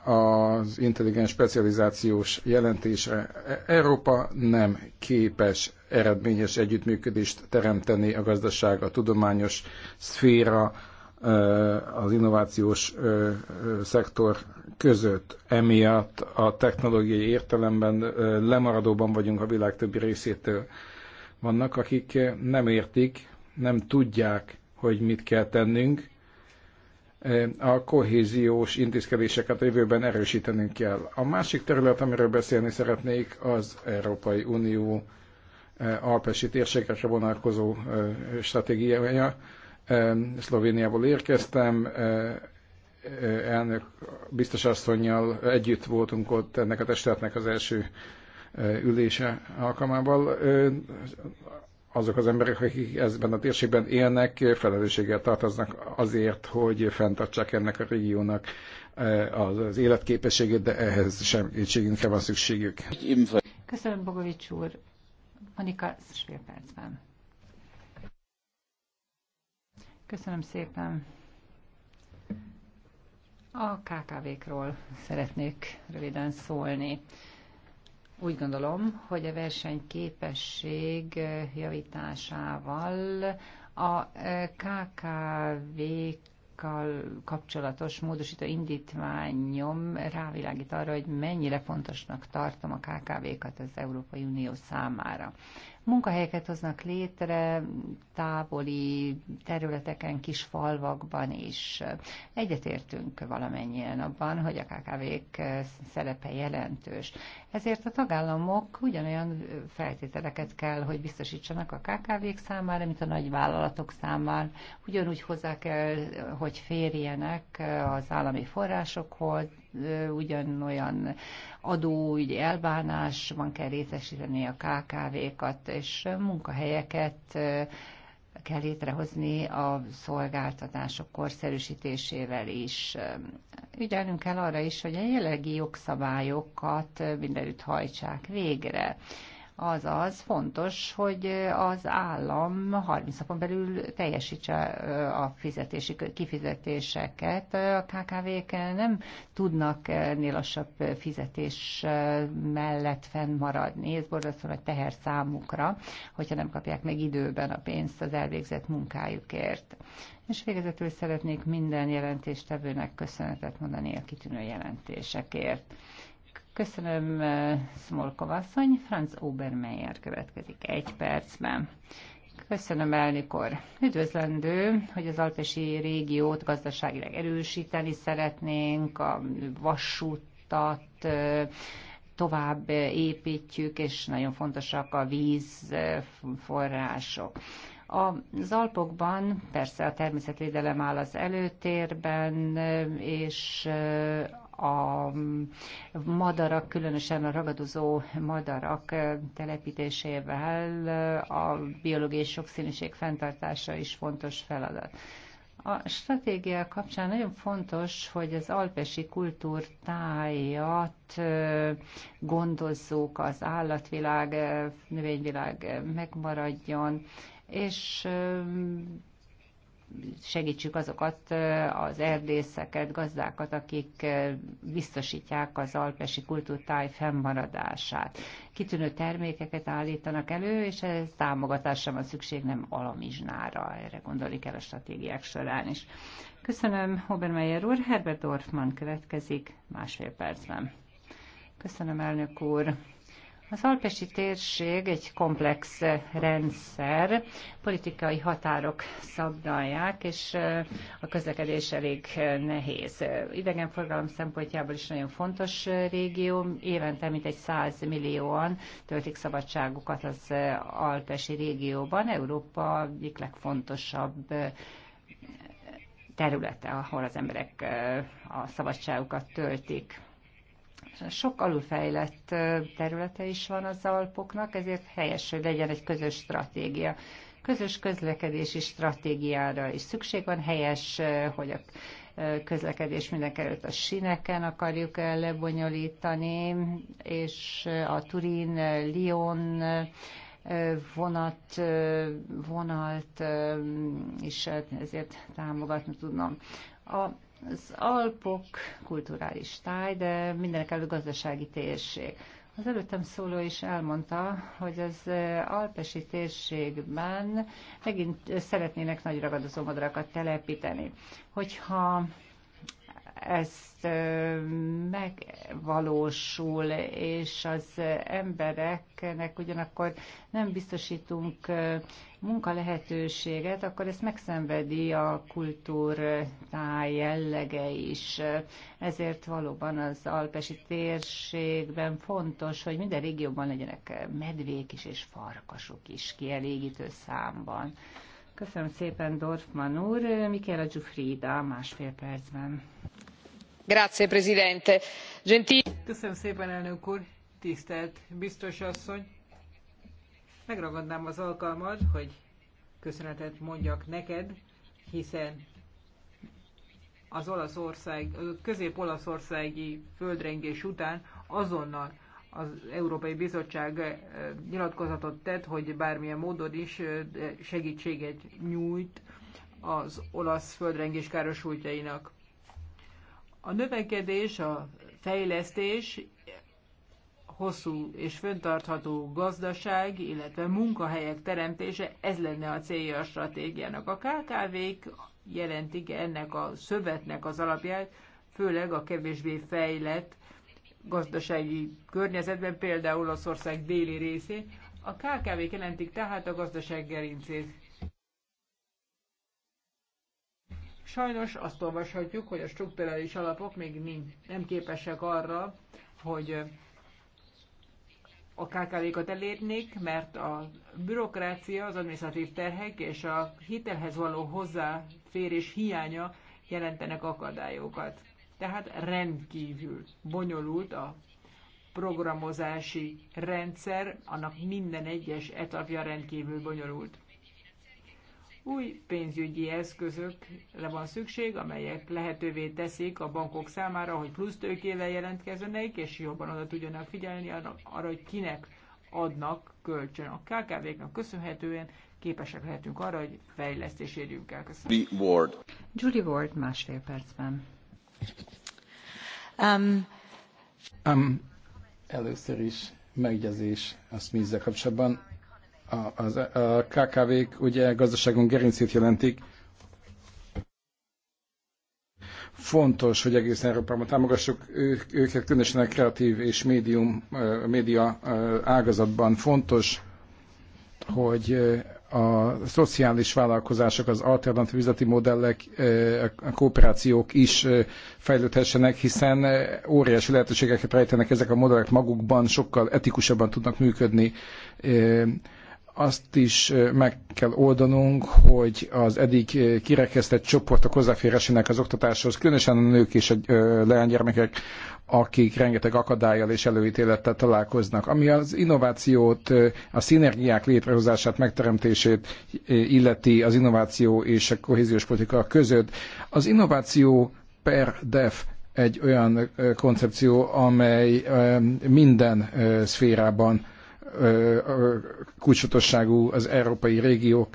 az intelligens specializációs jelentésre. Európa nem képes eredményes együttműködést teremteni a gazdaság, a tudományos szféra, az innovációs szektor között. Emiatt a technológiai értelemben lemaradóban vagyunk a világ többi részétől. Vannak, akik nem értik, nem tudják, hogy mit kell tennünk. A kohéziós intézkedéseket a jövőben erősítenünk kell. A másik terület, amiről beszélni szeretnék, az Európai Unió alpesi térségekre vonatkozó stratégiája Szlovéniából érkeztem, e, e, elnök biztosasszonynal együtt voltunk ott ennek a testületnek az első e, ülése alkalmával. Azok az emberek, akik ezben a térségben élnek, felelősséggel tartoznak azért, hogy fenntartsák ennek a régiónak az életképességét, de ehhez segítségünkre van szükségük. Köszönöm, Bogovics úr. Monika, fél percben. Köszönöm szépen. A KKV-król szeretnék röviden szólni. Úgy gondolom, hogy a versenyképesség javításával a e, kkv kal kapcsolatos módosító indítványom rávilágít arra, hogy mennyire fontosnak tartom a KKV-kat az Európai Unió számára munkahelyeket hoznak létre távoli területeken, kis falvakban is. Egyetértünk valamennyien abban, hogy a KKV-k szerepe jelentős. Ezért a tagállamok ugyanolyan feltételeket kell, hogy biztosítsanak a KKV-k számára, mint a nagyvállalatok számára. Ugyanúgy hozzá kell, hogy férjenek az állami forrásokhoz, ugyanolyan elbánás, van kell részesíteni a KKV-kat, és munkahelyeket kell létrehozni a szolgáltatások korszerűsítésével is. Ügyelnünk kell arra is, hogy a jelenlegi jogszabályokat mindenütt hajtsák végre Azaz fontos, hogy az állam 30 napon belül teljesítse a fizetési kifizetéseket. A KKV-k nem tudnak lassabb fizetés mellett fennmaradni. Ez borzasztó egy teher számukra, hogyha nem kapják meg időben a pénzt az elvégzett munkájukért. És végezetül szeretnék minden jelentéstevőnek köszönetet mondani a kitűnő jelentésekért. Köszönöm, eh, Smolkov asszony. Franz Obermeyer következik egy percben. Köszönöm, elnök úr. Üdvözlendő, hogy az alpesi régiót gazdaságilag erősíteni szeretnénk, a vasútat eh, tovább építjük, és nagyon fontosak a vízforrások. Az Alpokban persze a természetvédelem áll az előtérben, eh, és a madarak, különösen a ragadozó madarak telepítésével a biológiai sokszínűség fenntartása is fontos feladat. A stratégia kapcsán nagyon fontos, hogy az alpesi kultúrtájat gondozzuk, az állatvilág, növényvilág megmaradjon, és segítsük azokat az erdészeket, gazdákat, akik biztosítják az alpesi kultúrtáj fennmaradását. Kitűnő termékeket állítanak elő, és ez támogatásra van szükség, nem alamizsnára. Erre gondolik el a stratégiák során is. Köszönöm, Hobermeyer úr. Herbert Dorfman következik másfél percben. Köszönöm, elnök úr. Az alpesi térség egy komplex rendszer, politikai határok szabdalják, és a közlekedés elég nehéz. Idegenforgalom szempontjából is nagyon fontos régió, évente mintegy 100 millióan töltik szabadságukat az alpesi régióban, Európa egyik legfontosabb területe, ahol az emberek a szabadságukat töltik sok alulfejlett területe is van az Alpoknak, ezért helyes, hogy legyen egy közös stratégia. Közös közlekedési stratégiára is szükség van, helyes, hogy a közlekedés előtt a sineken akarjuk lebonyolítani, és a Turin, Lyon vonat, vonalt is ezért támogatni tudnom. A az Alpok kulturális táj, de mindenek előtt gazdasági térség. Az előttem szóló is elmondta, hogy az alpesi térségben megint szeretnének nagy ragadozó madarakat telepíteni. Hogyha ezt megvalósul, és az embereknek ugyanakkor nem biztosítunk munkalehetőséget, akkor ezt megszenvedi a kultúrtáj jellege is. Ezért valóban az alpesi térségben fontos, hogy minden régióban legyenek medvék is és farkasok is kielégítő számban. Köszönöm szépen, Dorfman úr. Mikéla Giuffrida, másfél percben. Grazie, Presidente. Gentil... Köszönöm szépen, elnök úr. Tisztelt biztos asszony. Megragadnám az alkalmat, hogy köszönetet mondjak neked, hiszen az Olaszország, közép-olaszországi földrengés után azonnal az Európai Bizottság eh, nyilatkozatot tett, hogy bármilyen módon is eh, segítséget nyújt az olasz földrengés károsultjainak. A növekedés, a fejlesztés, hosszú és föntartható gazdaság, illetve munkahelyek teremtése, ez lenne a célja a stratégiának. A KKV-k jelentik ennek a szövetnek az alapját, főleg a kevésbé fejlett gazdasági környezetben, például Olaszország déli részén. A kkv jelentik tehát a gazdaság gerincét. Sajnos azt olvashatjuk, hogy a strukturális alapok még nem képesek arra, hogy a KKV-kat elérnék, mert a bürokrácia, az administratív terhek és a hitelhez való hozzáférés hiánya jelentenek akadályokat. Tehát rendkívül bonyolult a programozási rendszer, annak minden egyes etapja rendkívül bonyolult. Új pénzügyi eszközökre van szükség, amelyek lehetővé teszik a bankok számára, hogy plusz tőkével jelentkezzenek, és jobban oda tudjanak figyelni arra, hogy kinek adnak kölcsön. A KKV-knak köszönhetően képesek lehetünk arra, hogy fejlesztés érjünk el. Köszönöm. Julie Ward. Julie Ward másfél percben. Um, um, először is megjegyzés a smith kapcsolatban. A, a, a KKV-k ugye gazdaságunk gerincét jelentik. Fontos, hogy egész Európában támogassuk ők, őket, különösen a kreatív és médium, média ágazatban. Fontos, hogy a szociális vállalkozások, az alternatív üzleti modellek, a kooperációk is fejlődhessenek, hiszen óriási lehetőségeket rejtenek ezek a modellek magukban, sokkal etikusabban tudnak működni, azt is meg kell oldanunk, hogy az eddig kirekesztett csoportok hozzáférhessenek az oktatáshoz, különösen a nők és a leánygyermekek, akik rengeteg akadályjal és előítélettel találkoznak. Ami az innovációt, a szinergiák létrehozását, megteremtését illeti az innováció és a kohéziós politika között, az innováció per def egy olyan koncepció, amely minden szférában kulcsfontosságú az európai régiók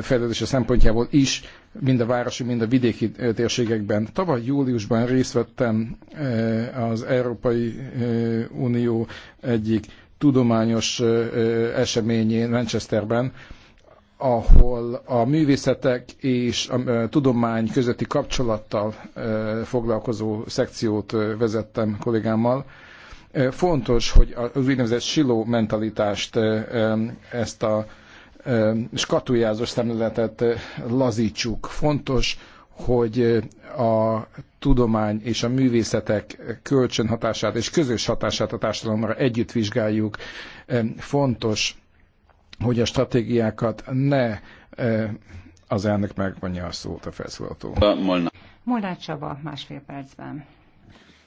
fejlődése szempontjából is, mind a városi, mind a vidéki térségekben. Tavaly júliusban részt vettem az Európai Unió egyik tudományos eseményén Manchesterben, ahol a művészetek és a tudomány közötti kapcsolattal foglalkozó szekciót vezettem kollégámmal, Fontos, hogy az úgynevezett siló mentalitást, ezt a skatujázós szemléletet lazítsuk. Fontos, hogy a tudomány és a művészetek kölcsönhatását és közös hatását a társadalomra együtt vizsgáljuk. Fontos, hogy a stratégiákat ne az elnök megvonja a szót a felszólaltól. Molnár Csaba, másfél percben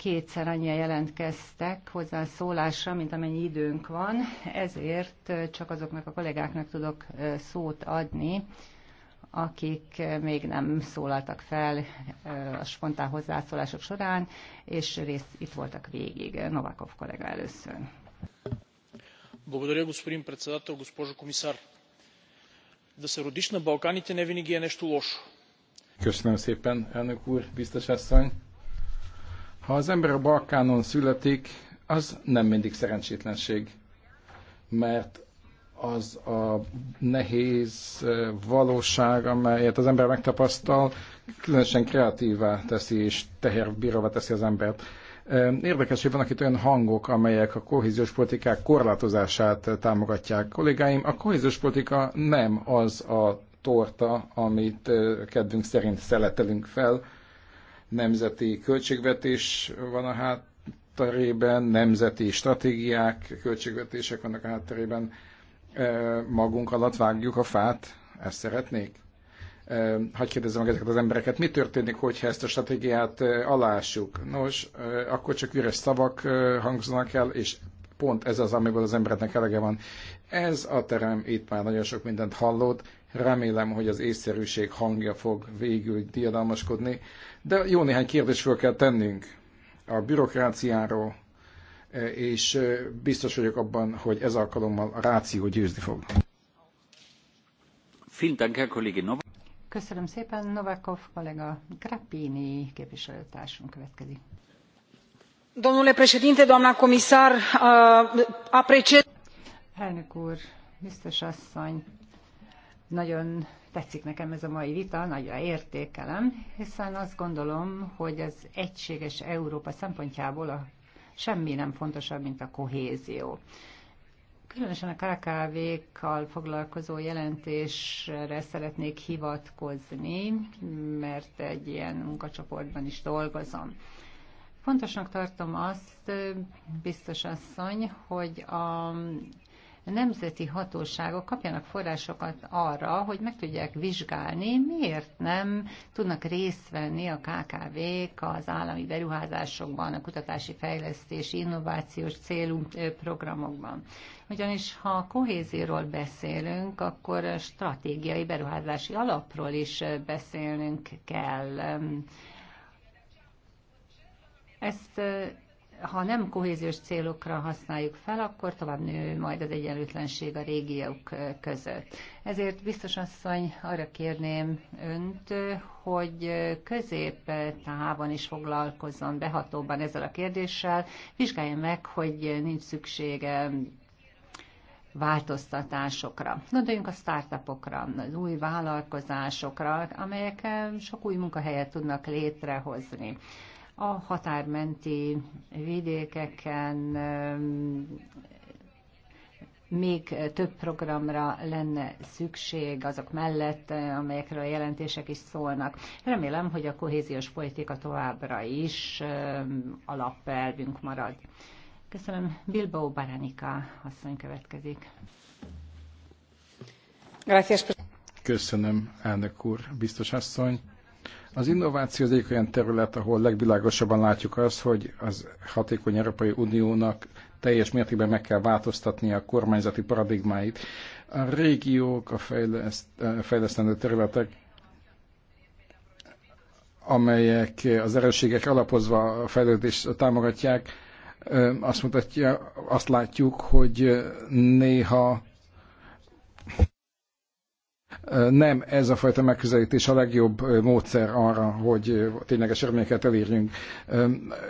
kétszer annyian jelentkeztek hozzá szólásra, mint amennyi időnk van, ezért csak azoknak a kollégáknak tudok szót adni, akik még nem szólaltak fel a spontán hozzászólások során, és részt itt voltak végig. Novakov kollega először. Благодаря, господин председател, госпожо комисар. Да се родиш на Балканите не винаги е нещо лошо. Köszönöm szépen, elnök úr, biztos asszony ha az ember a Balkánon születik, az nem mindig szerencsétlenség, mert az a nehéz eh, valóság, amelyet az ember megtapasztal, különösen kreatívá teszi és teherbíróvá teszi az embert. Eh, érdekes, hogy vannak itt olyan hangok, amelyek a kohéziós politikák korlátozását támogatják. Kollégáim, a kohéziós politika nem az a torta, amit eh, kedvünk szerint szeletelünk fel, nemzeti költségvetés van a hátterében, nemzeti stratégiák, költségvetések vannak a hátterében, magunk alatt vágjuk a fát, ezt szeretnék? Hagy kérdezzem meg ezeket az embereket, mi történik, hogyha ezt a stratégiát alássuk? Nos, akkor csak üres szavak hangzanak el, és pont ez az, amiből az embereknek elege van. Ez a terem itt már nagyon sok mindent hallott, remélem, hogy az észszerűség hangja fog végül diadalmaskodni. De jó néhány kérdést fel kell tennünk a bürokráciáról, e, és e, biztos vagyok abban, hogy ez alkalommal a ráció győzni fog. Köszönöm szépen, Novakov kollega Grappini képviselőtársunk következik. Domnule președinte, doamna comisar, apreciez... Elnök úr, biztos asszony, nagyon Tetszik nekem ez a mai vita, nagyra értékelem, hiszen azt gondolom, hogy az egységes Európa szempontjából a semmi nem fontosabb, mint a kohézió. Különösen a KKV-kkal foglalkozó jelentésre szeretnék hivatkozni, mert egy ilyen munkacsoportban is dolgozom. Fontosnak tartom azt, biztos asszony, hogy a nemzeti hatóságok kapjanak forrásokat arra, hogy meg tudják vizsgálni, miért nem tudnak részt venni a KKV-k az állami beruházásokban, a kutatási fejlesztési innovációs célú programokban. Ugyanis ha kohézióról beszélünk, akkor stratégiai beruházási alapról is beszélnünk kell. Ezt ha nem kohéziós célokra használjuk fel, akkor tovább nő majd az egyenlőtlenség a régiók között. Ezért biztos asszony, arra kérném önt, hogy középtávon is foglalkozzon behatóban ezzel a kérdéssel, vizsgálja meg, hogy nincs szüksége változtatásokra. Gondoljunk a startupokra, az új vállalkozásokra, amelyek sok új munkahelyet tudnak létrehozni a határmenti vidékeken még több programra lenne szükség azok mellett, amelyekről a jelentések is szólnak. Remélem, hogy a kohéziós politika továbbra is alapelvünk marad. Köszönöm. Bilbao Baranika asszony következik. Köszönöm, elnök úr, biztos asszony. Az innováció az egyik olyan terület, ahol legvilágosabban látjuk azt, hogy az hatékony Európai Uniónak teljes mértékben meg kell változtatnia a kormányzati paradigmáit. A régiók, a fejleszt, fejlesztendő területek, amelyek az erősségek alapozva a fejlődést támogatják, azt mutatja, azt látjuk, hogy néha nem ez a fajta megközelítés a legjobb módszer arra, hogy tényleges eredményeket elérjünk.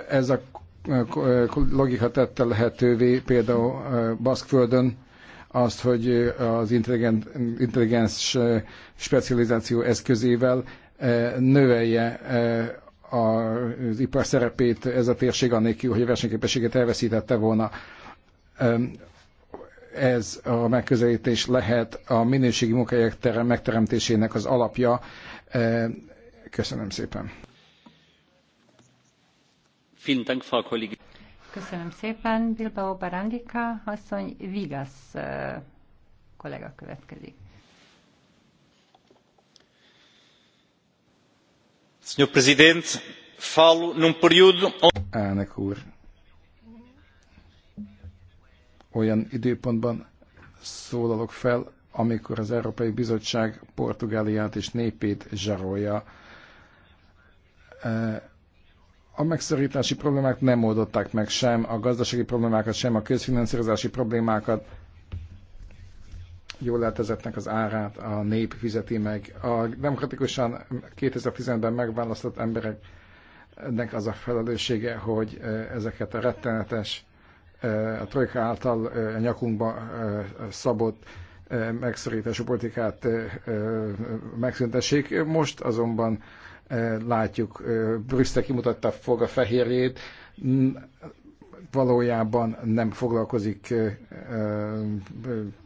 Ez a logika tette lehetővé például Baszkföldön azt, hogy az intelligens specializáció eszközével növelje az ipar szerepét ez a térség, annélkül, hogy a versenyképességet elveszítette volna ez a megközelítés lehet a minőségi munkahelyek terem megteremtésének az alapja. E, köszönöm szépen. Köszönöm szépen. Bilbao Barandika, asszony Vigas e, kollega következik. Senhor Presidente, falo num período... Elnök úr, olyan időpontban szólalok fel, amikor az Európai Bizottság Portugáliát és népét zsarolja. Eh, a megszorítási problémák nem oldották meg sem, a gazdasági problémákat, sem a közfinanszírozási problémákat. Jól ezeknek az árát, a nép fizeti meg. A demokratikusan 2010-ben megválasztott embereknek az a felelőssége, hogy eh, ezeket a rettenetes a trojka által a nyakunkba szabott megszorítási politikát megszüntessék. Most azonban látjuk, Brüsszel kimutatta fog a fehérjét, valójában nem foglalkozik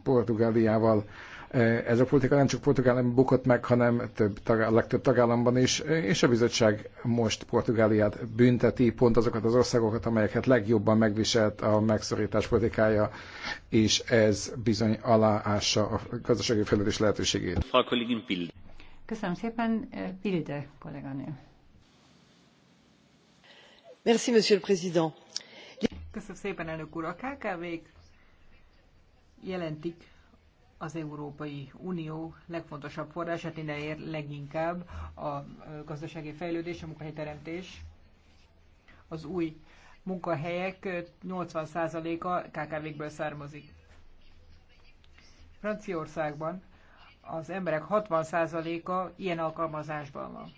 Portugáliával, Eh, ez a politika nem csak Portugálban bukott meg, hanem több a legtöbb tagállamban is, eh, és a bizottság most Portugáliát bünteti, pont azokat az országokat, amelyeket legjobban megviselt a megszorítás politikája, és ez bizony aláássa a gazdasági fejlődés lehetőségét. Köszönöm szépen, eh, Pilde kolléganő. Merci, monsieur le président. Köszönöm szépen, elnök úr. A KKV-k jelentik az Európai Unió legfontosabb forrását, innen ér leginkább a gazdasági fejlődés, a munkahelyteremtés. Az új munkahelyek 80%-a KKV-kből származik. Franciaországban az emberek 60%-a ilyen alkalmazásban van.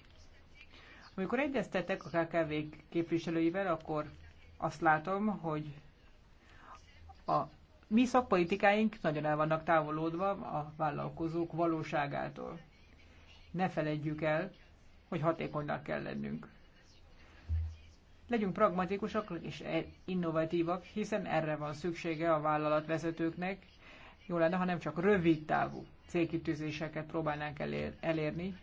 Amikor egyeztetek a KKV képviselőivel, akkor azt látom, hogy a mi szakpolitikáink nagyon el vannak távolodva a vállalkozók valóságától. Ne feledjük el, hogy hatékonynak kell lennünk. Legyünk pragmatikusak és e- innovatívak, hiszen erre van szüksége a vállalatvezetőknek. Jó lenne, ha nem csak rövid távú célkitűzéseket próbálnánk elér, elérni.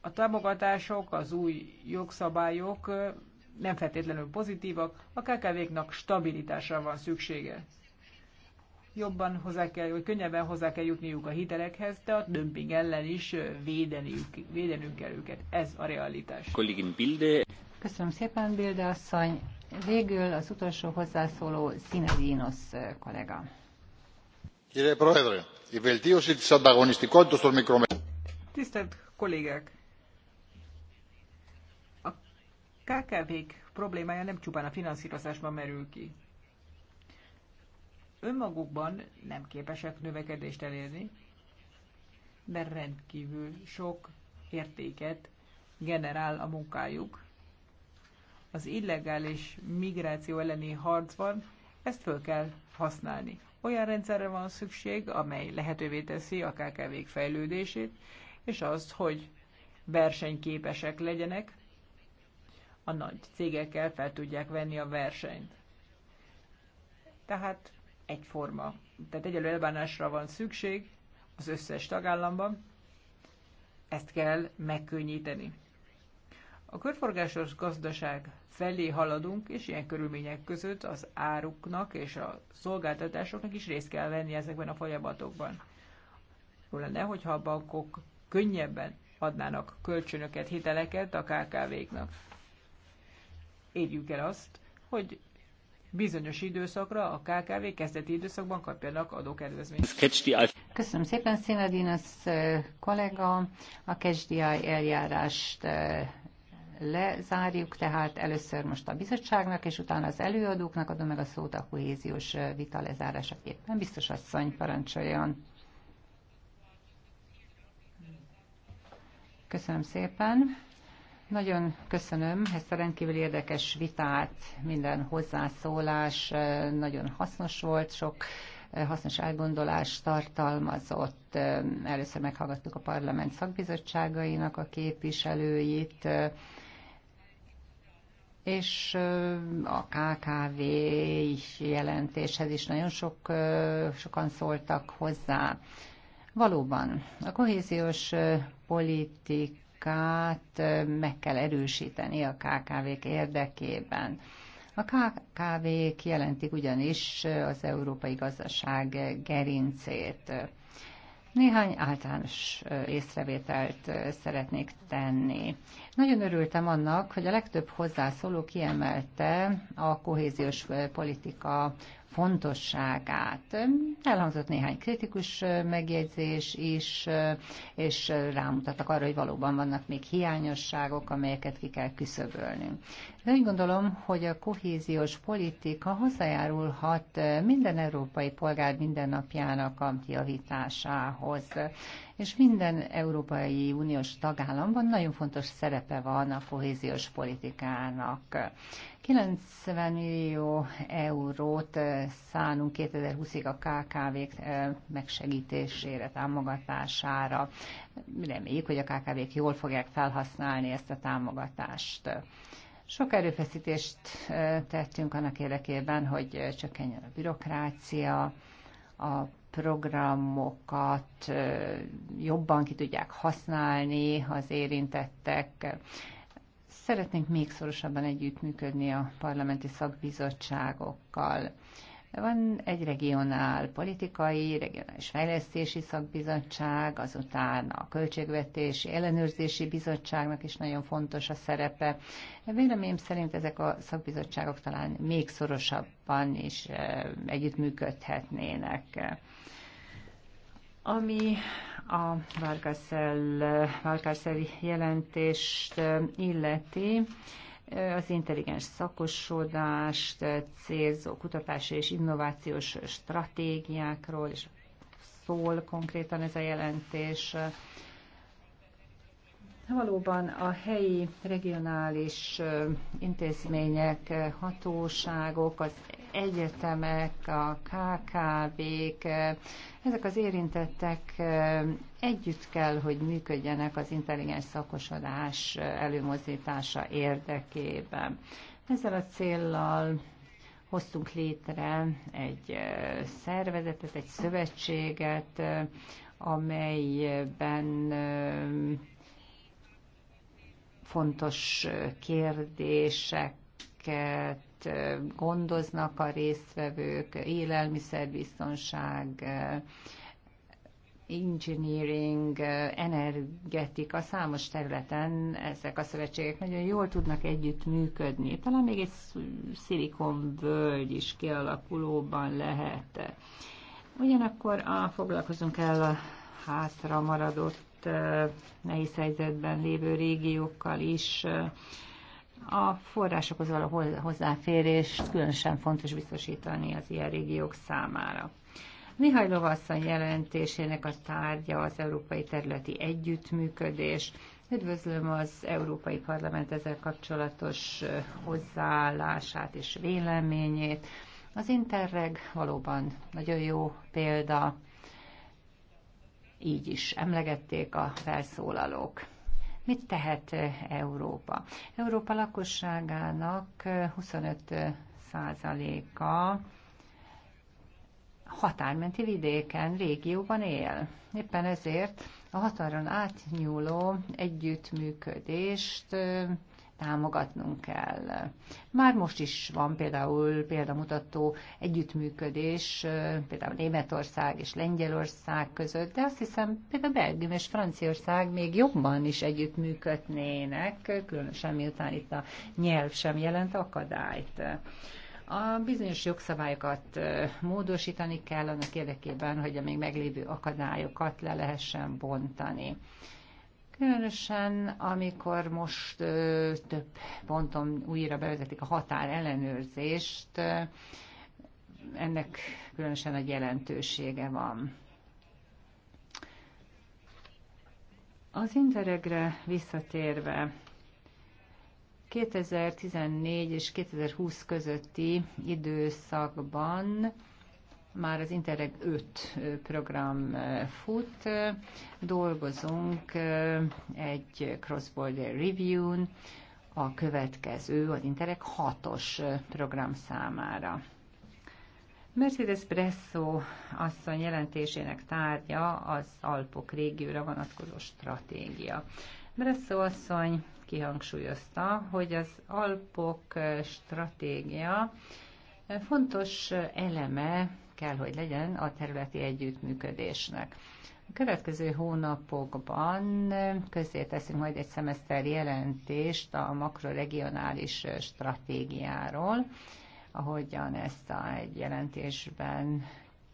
A támogatások, az új jogszabályok nem feltétlenül pozitívak, a KKV-knak stabilitásra van szüksége. Jobban hozzá kell, hogy könnyebben hozzá kell jutniuk a hitelekhez, de a dömping ellen is védenünk, védenünk kell őket. Ez a realitás. Köszönöm szépen, Bilde asszony. Végül az utolsó hozzászóló Színedínos kollega. Tisztelt kollégák! KKV-k problémája nem csupán a finanszírozásban merül ki. Önmagukban nem képesek növekedést elérni, de rendkívül sok értéket generál a munkájuk. Az illegális migráció elleni harcban ezt föl kell használni. Olyan rendszerre van szükség, amely lehetővé teszi a KKV-k fejlődését, és azt, hogy versenyképesek legyenek, a nagy cégekkel fel tudják venni a versenyt. Tehát egyforma. Tehát egyelő elbánásra van szükség az összes tagállamban. Ezt kell megkönnyíteni. A körforgásos gazdaság felé haladunk, és ilyen körülmények között az áruknak és a szolgáltatásoknak is részt kell venni ezekben a folyamatokban. Jó lenne, hogyha a bankok könnyebben adnának kölcsönöket, hiteleket a KKV-knak érjük el azt, hogy bizonyos időszakra a KKV kezdeti időszakban kapjanak adókedvezményt. Köszönöm szépen, Színadinas kollega. A KSDI eljárást lezárjuk, tehát először most a bizottságnak, és utána az előadóknak adom meg a szót a kohéziós vita lezárásaképpen. Biztos asszony, parancsoljon! Köszönöm szépen! Nagyon köszönöm ezt a rendkívül érdekes vitát, minden hozzászólás eh, nagyon hasznos volt, sok eh, hasznos elgondolást tartalmazott. Eh, először meghallgattuk a parlament szakbizottságainak a képviselőit, és a KKV jelentéshez is nagyon sok, sokan szóltak hozzá. Valóban, a kohéziós politik munkát meg kell erősíteni a KKV-k érdekében. A KKV-k jelentik ugyanis az európai gazdaság gerincét. Néhány általános észrevételt szeretnék tenni. Nagyon örültem annak, hogy a legtöbb hozzászóló kiemelte a kohéziós politika fontosságát. Elhangzott néhány kritikus megjegyzés is, és rámutattak arra, hogy valóban vannak még hiányosságok, amelyeket ki kell küszöbölnünk. De úgy gondolom, hogy a kohéziós politika hozzájárulhat minden európai polgár mindennapjának a javításához és minden Európai Uniós tagállamban nagyon fontos szerepe van a kohéziós politikának. 90 millió eurót szánunk 2020-ig a KKV-k megsegítésére, támogatására. Reméljük, hogy a KKV-k jól fogják felhasználni ezt a támogatást. Sok erőfeszítést tettünk annak érdekében, hogy csökkenjen a bürokrácia, a programokat jobban ki tudják használni az érintettek. Szeretnénk még szorosabban együttműködni a parlamenti szakbizottságokkal. Van egy regionál politikai, regionális fejlesztési szakbizottság, azután a költségvetési ellenőrzési bizottságnak is nagyon fontos a szerepe. Véleményem szerint ezek a szakbizottságok talán még szorosabban is eh, együttműködhetnének. Ami a Vargaszel, Vargaszel jelentést eh, illeti, az intelligens szakosodást, célzó kutatási és innovációs stratégiákról, és szól konkrétan ez a jelentés. Valóban a helyi regionális intézmények, hatóságok, az egyetemek, a KKV-k, ezek az érintettek együtt kell, hogy működjenek az intelligens szakosodás előmozdítása érdekében. Ezzel a céllal hoztunk létre egy szervezetet, egy szövetséget, amelyben fontos kérdéseket gondoznak a résztvevők, élelmiszerbiztonság, engineering, energetika, számos területen ezek a szövetségek nagyon jól tudnak együtt működni. Talán még egy szilikonvölgy is kialakulóban lehet. Ugyanakkor a, foglalkozunk el a hátra maradott említett nehéz helyzetben lévő régiókkal is a forrásokhoz való hozzáférést különösen fontos biztosítani az ilyen régiók számára. Mihály Lovasszony jelentésének a tárgya az európai területi együttműködés. Üdvözlöm az Európai Parlament ezzel kapcsolatos hozzáállását és véleményét. Az Interreg valóban nagyon jó példa így is emlegették a felszólalók. Mit tehet eh, Európa? Európa lakosságának 25 eh, eh, százaléka határmenti vidéken, régióban él. Éppen ezért a határon átnyúló együttműködést támogatnunk kell. Már most is van például példamutató együttműködés, például Németország és Lengyelország között, de azt hiszem például Belgium és Franciaország még jobban is együttműködnének, különösen miután itt a nyelv sem jelent akadályt. A bizonyos jogszabályokat módosítani kell annak érdekében, hogy a még meglévő akadályokat le lehessen bontani. Különösen, amikor most ö, több ponton újra bevezetik a határ ellenőrzést, ö, ennek különösen nagy jelentősége van. Az Interregre visszatérve, 2014 és 2020 közötti időszakban már az Interreg 5 program fut, dolgozunk egy cross-border review-n, a következő az Interreg 6-os program számára. Mercedes Presso asszony jelentésének tárgya az Alpok régióra vonatkozó stratégia. Bresso asszony kihangsúlyozta, hogy az Alpok stratégia fontos eleme kell, hogy legyen a területi együttműködésnek. A következő hónapokban közzé teszünk majd egy szemeszter jelentést a makroregionális stratégiáról, ahogyan ezt a egy jelentésben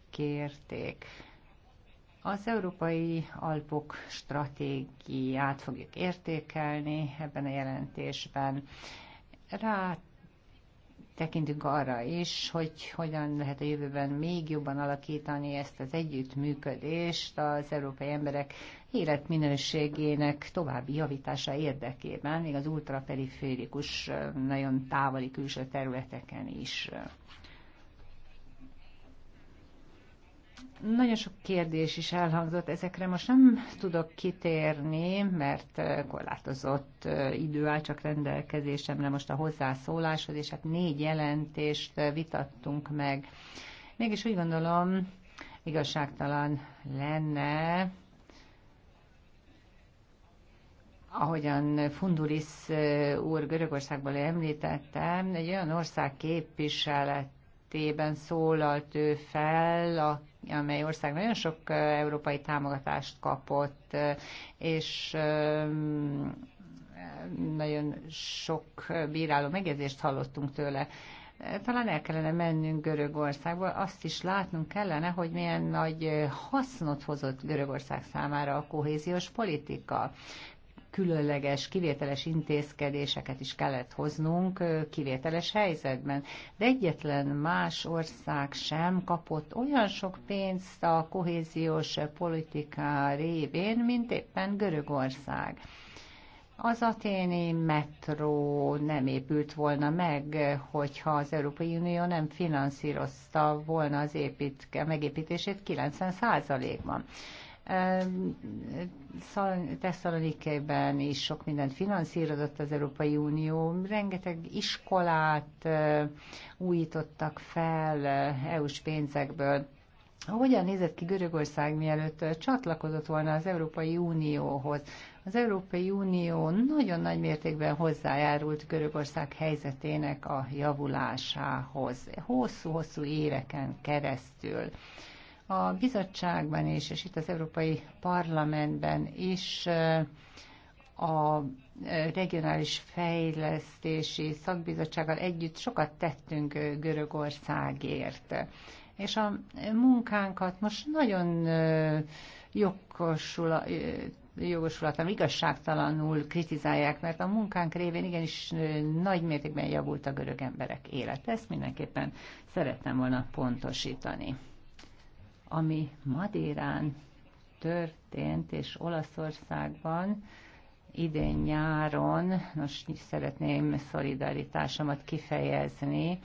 kérték. Az Európai Alpok stratégiát fogjuk értékelni ebben a jelentésben. Rát tekintünk arra is, hogy hogyan lehet a jövőben még jobban alakítani ezt az együttműködést az európai emberek életminőségének további javítása érdekében, még az ultraperiférikus, nagyon távoli külső területeken is. Nagyon sok kérdés is elhangzott, ezekre most nem tudok kitérni, mert eh, korlátozott eh, idő áll csak rendelkezésemre most a hozzászóláshoz, és hát négy jelentést eh, vitattunk meg. Mégis úgy gondolom, igazságtalan lenne, ahogyan Fundulis úr Görögországból említette, egy olyan ország képviselet esetében szólalt ő fel, a, amely ország nagyon sok európai támogatást kapott, és nagyon sok bíráló megjegyzést hallottunk tőle. Talán el kellene mennünk Görögországba, azt is látnunk kellene, hogy milyen nagy hasznot hozott Görögország számára a kohéziós politika különleges, kivételes intézkedéseket is kellett hoznunk kivételes helyzetben. De egyetlen más ország sem kapott olyan sok pénzt a kohéziós politika révén, mint éppen Görögország. Az aténi metró nem épült volna meg, hogyha az Európai Unió nem finanszírozta volna az építke, megépítését 90%-ban. Tesszalonikében is sok mindent finanszírozott az Európai Unió, rengeteg iskolát újítottak fel EU-s pénzekből. Hogyan nézett ki Görögország mielőtt csatlakozott volna az Európai Unióhoz? Az Európai Unió nagyon nagy mértékben hozzájárult Görögország helyzetének a javulásához, hosszú-hosszú éveken keresztül a bizottságban is, és itt az Európai Parlamentben is a regionális fejlesztési szakbizottsággal együtt sokat tettünk Görögországért. És a munkánkat most nagyon jogosula, jogosulatlan, igazságtalanul kritizálják, mert a munkánk révén igenis nagy mértékben javult a görög emberek élete. Ezt mindenképpen szerettem volna pontosítani ami Madérán történt, és Olaszországban idén nyáron, most szeretném szolidaritásomat kifejezni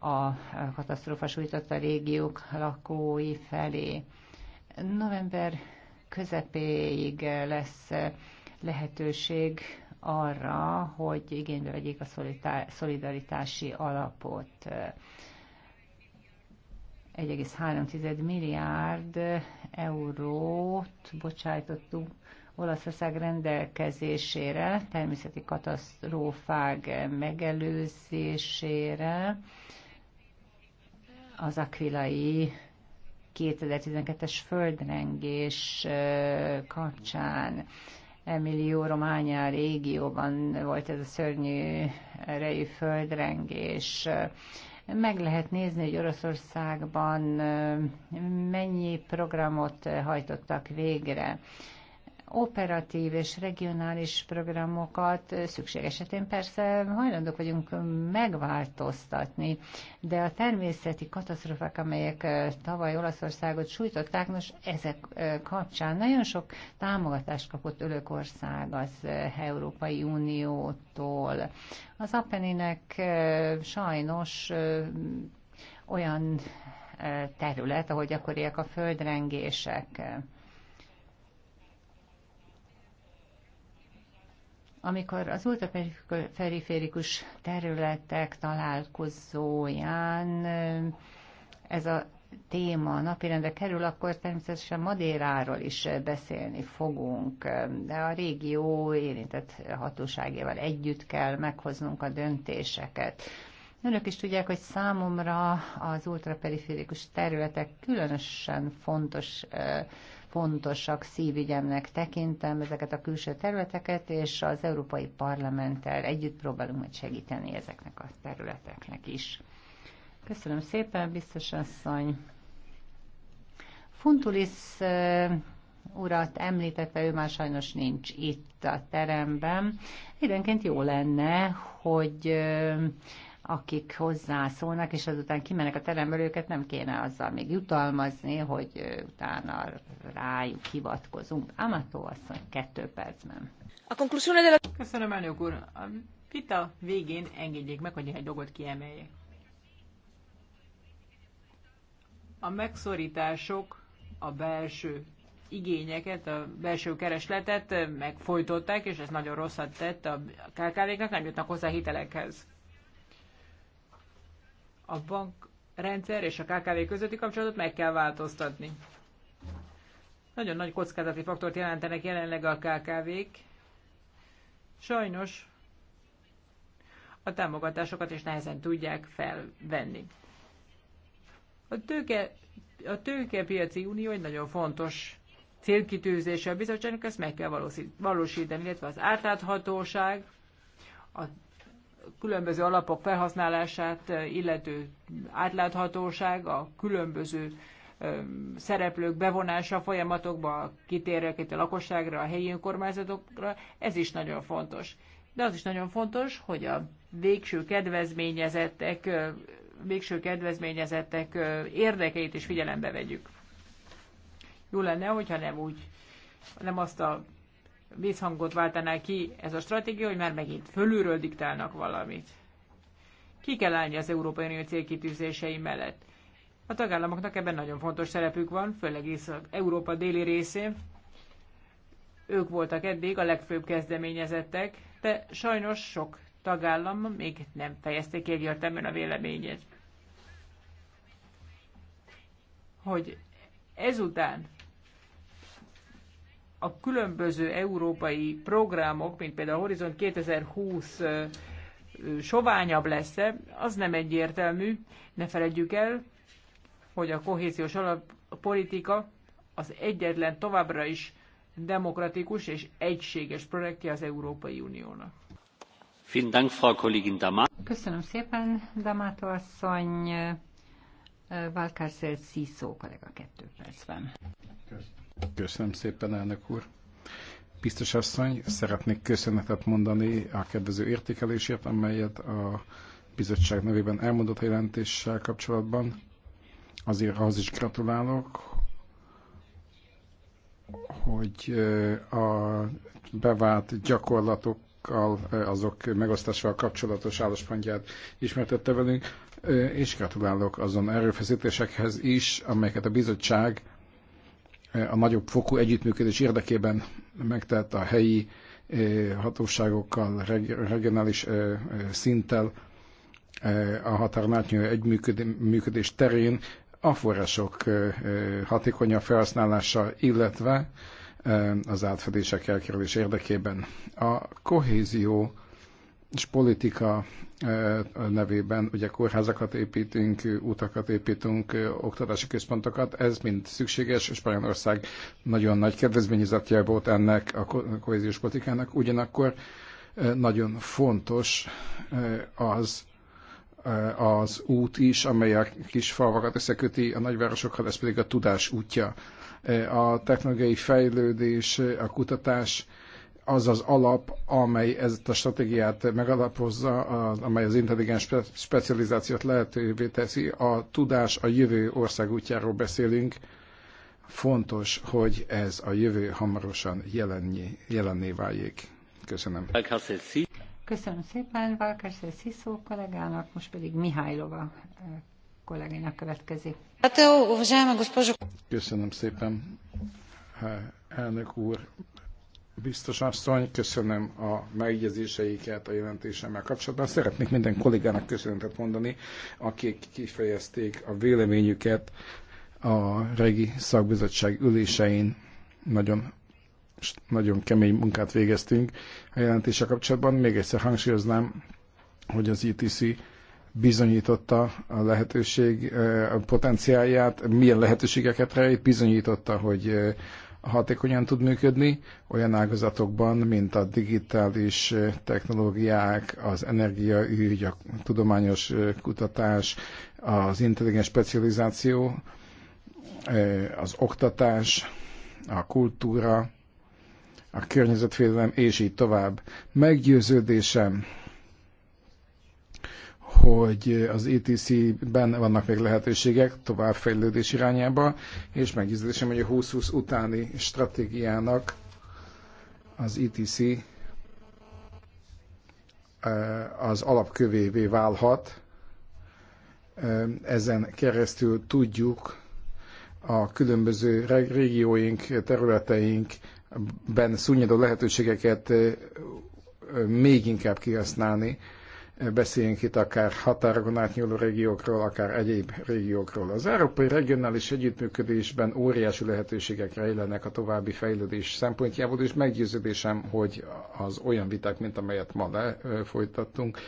a katasztrófa a régiók lakói felé. November közepéig lesz lehetőség arra, hogy igénybe vegyék a szolidaritási alapot. 1,3 milliárd eurót bocsájtottunk Olaszország rendelkezésére, természeti katasztrófák megelőzésére, az akvilai 2012-es földrengés kapcsán. Emilio Románia régióban volt ez a szörnyű erejű földrengés. Meg lehet nézni, hogy Oroszországban mennyi programot hajtottak végre operatív és regionális programokat szükség esetén persze hajlandók vagyunk megváltoztatni, de a természeti katasztrófák, amelyek tavaly Olaszországot sújtották, nos ezek kapcsán nagyon sok támogatást kapott Örökország az Európai Uniótól. Az Apeninek sajnos olyan terület, ahol gyakoriak a földrengések. amikor az ultraperiférikus területek találkozóján ez a téma napirendre kerül, akkor természetesen Madéráról is beszélni fogunk, de a régió érintett hatóságével együtt kell meghoznunk a döntéseket. Önök is tudják, hogy számomra az ultraperiférikus területek különösen fontos fontosak, szívügyemnek tekintem ezeket a külső területeket, és az Európai Parlamenttel együtt próbálunk majd segíteni ezeknek a területeknek is. Köszönöm szépen, biztos asszony. Funtulis urat említette, ő már sajnos nincs itt a teremben. Időnként jó lenne, hogy akik hozzászólnak, és azután kimennek a teremből, őket nem kéne azzal még jutalmazni, hogy utána rájuk hivatkozunk. Amató asszony, kettő percben. A konklusión della... Köszönöm, elnök úr. A vita végén engedjék meg, hogy egy dolgot kiemeljék. A megszorítások a belső igényeket, a belső keresletet megfojtották, és ez nagyon rosszat tett a KKV-knak, nem jutnak hozzá hitelekhez a bankrendszer és a KKV közötti kapcsolatot meg kell változtatni. Nagyon nagy kockázati faktort jelentenek jelenleg a KKV-k. Sajnos a támogatásokat is nehezen tudják felvenni. A, tőke, a tőkepiaci unió egy nagyon fontos célkitűzése a bizottságnak, ezt meg kell valósítani, illetve az átláthatóság, a különböző alapok felhasználását eh, illető átláthatóság, a különböző eh, szereplők bevonása folyamatokba, kitérjek itt a lakosságra, a helyi önkormányzatokra, ez is nagyon fontos. De az is nagyon fontos, hogy a végső kedvezményezettek, eh, végső kedvezményezettek érdekeit is figyelembe vegyük. Jó lenne, hogyha nem úgy, nem azt a vízhangot váltaná ki ez a stratégia, hogy már megint fölülről diktálnak valamit. Ki kell állni az Európai Unió célkitűzései mellett. A tagállamoknak ebben nagyon fontos szerepük van, főleg Észak-Európa déli részén. Ők voltak eddig a legfőbb kezdeményezettek, de sajnos sok tagállam még nem fejezte ki egyértelműen a véleményét. Hogy ezután a különböző európai programok, mint például a Horizon 2020 soványabb lesz -e, az nem egyértelmű. Ne feledjük el, hogy a kohéziós alappolitika az egyetlen továbbra is demokratikus és egységes projektje az Európai Uniónak. Köszönöm szépen, Damato asszony. Valkárszer Sziszó kollega kettő percben. Köszönöm. Köszönöm szépen, elnök úr. Biztos asszony, szeretnék köszönetet mondani a kedvező értékelésért, amelyet a bizottság nevében elmondott a jelentéssel kapcsolatban. Azért ahhoz is gratulálok, hogy a bevált gyakorlatokkal, azok megosztásával kapcsolatos álláspontját ismertette velünk, és gratulálok azon erőfeszítésekhez is, amelyeket a bizottság a nagyobb fokú együttműködés érdekében megtett a helyi eh, hatóságokkal, regionális eh, eh, szinttel a határon átnyúló együttműködés terén a források hatékonyabb felhasználása, illetve az átfedések elkerülés érdekében. A kohézió és politika nevében, ugye kórházakat építünk, utakat építünk, oktatási központokat, ez mind szükséges, és Spanyolország nagyon nagy kedvezményezettje volt ennek a kohéziós politikának, ugyanakkor nagyon fontos az, az út is, amely a kis falvakat összeköti a nagyvárosokkal, ez pedig a tudás útja. A technológiai fejlődés, a kutatás, az az alap, amely ezt a stratégiát megalapozza, amely az intelligens specializációt lehetővé teszi. A tudás a jövő országútjáról beszélünk. Fontos, hogy ez a jövő hamarosan jelenni jelenné váljék. Köszönöm. Köszönöm szépen Valkerszer Sziszó kollégának, most pedig Mihálylova eh, kollégának következik. Köszönöm szépen, eh, elnök úr, Biztos asszony, köszönöm a megjegyzéseiket a jelentésemmel kapcsolatban. Szeretnék minden kollégának köszönetet mondani, akik kifejezték a véleményüket a regi szakbizottság ülésein. Nagyon, nagyon kemény munkát végeztünk a jelentése kapcsolatban. Még egyszer hangsúlyoznám, hogy az ITC bizonyította a lehetőség eh, a potenciáját, milyen lehetőségeket rejt, bizonyította, hogy eh, hatékonyan tud működni olyan ágazatokban, mint a digitális eh, technológiák, az energiaügy, a tudományos eh, kutatás, az intelligens specializáció, eh, az oktatás, a kultúra, a környezetvédelem, és így tovább. Meggyőződésem, hogy az ETC-ben vannak még lehetőségek továbbfejlődés irányába, és megjegyzésem, hogy a 2020 utáni stratégiának az ETC eh, az alapkövévé válhat. Eh, ezen keresztül tudjuk a különböző régióink, területeink ben szúnyadó lehetőségeket eh, még inkább kihasználni Beszéljünk itt akár határokon átnyúló régiókról, akár egyéb régiókról. Az európai regionális együttműködésben óriási lehetőségek rejlenek a további fejlődés szempontjából, és meggyőződésem, hogy az olyan viták, mint amelyet ma lefolytattunk,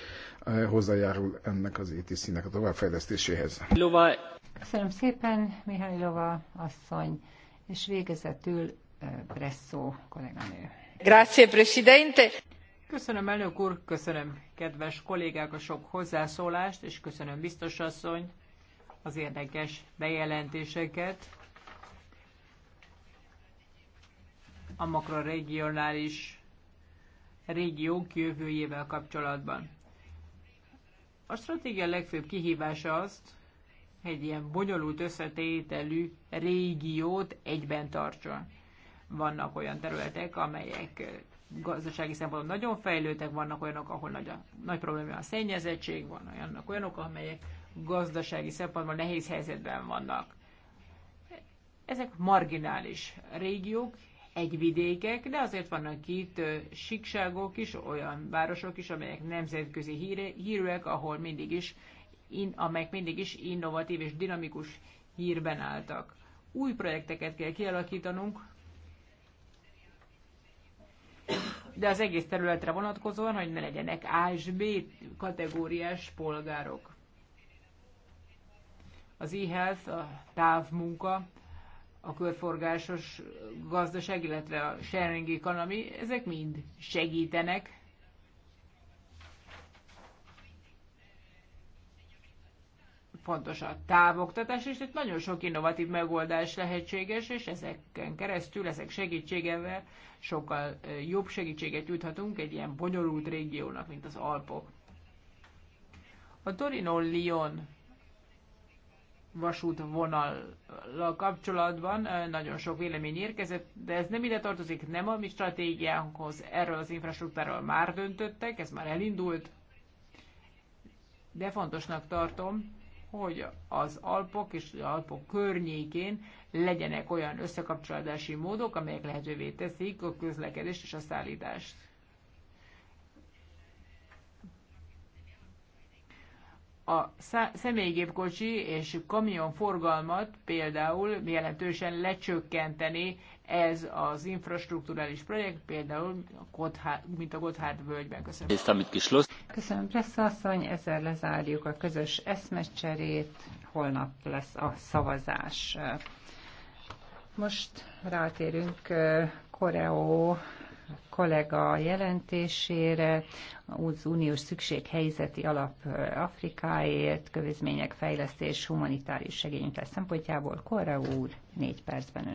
eh, hozzájárul ennek az ETC-nek a továbbfejlesztéséhez. Lova. Köszönöm szépen, Mihály Lova asszony, és végezetül eh, Bresszó kolléganő. Grazie, Presidente. Köszönöm, elnök úr, köszönöm, kedves kollégák, a sok hozzászólást, és köszönöm, biztos asszony, az érdekes bejelentéseket. a makroregionális régiók jövőjével kapcsolatban. A stratégia legfőbb kihívása azt, egy ilyen bonyolult összetételű régiót egyben tartson. Vannak olyan területek, amelyek gazdasági szempontból nagyon fejlődtek, vannak olyanok, ahol nagy, a, nagy probléma a szennyezettség, van olyanok, olyanok, amelyek gazdasági szempontból nehéz helyzetben vannak. Ezek marginális régiók, vidékek de azért vannak itt síkságok is, olyan városok is, amelyek nemzetközi híre, hírűek, ahol mindig is, in, amelyek mindig is innovatív és dinamikus hírben álltak. Új projekteket kell kialakítanunk, de az egész területre vonatkozóan, hogy ne legyenek A és B kategóriás polgárok. Az e-health, a távmunka, a körforgásos gazdaság, illetve a sharing economy, ezek mind segítenek fontos a távoktatás, és itt nagyon sok innovatív megoldás lehetséges, és ezeken keresztül, ezek segítségevel sokkal jobb segítséget juthatunk egy ilyen bonyolult régiónak, mint az Alpok. A Torino-Lyon vasútvonallal kapcsolatban nagyon sok vélemény érkezett, de ez nem ide tartozik, nem a mi stratégiánkhoz. Erről az infrastruktúráról már döntöttek, ez már elindult, de fontosnak tartom, hogy az Alpok és az Alpok környékén legyenek olyan összekapcsolódási módok, amelyek lehetővé teszik a közlekedést és a szállítást. a személygépkocsi és kamion forgalmat például jelentősen lecsökkenteni ez az infrastruktúrális projekt, például a Gotthard, mint a Gotthard völgyben. Köszönöm. Köszönöm, Pressz asszony, ezzel lezárjuk a közös eszmecserét, holnap lesz a szavazás. Most rátérünk Koreó eh, kollega jelentésére, az uniós szükséghelyzeti alap Afrikáért, kövizmények fejlesztés humanitárius segények szempontjából. Korra úr, négy percben ön.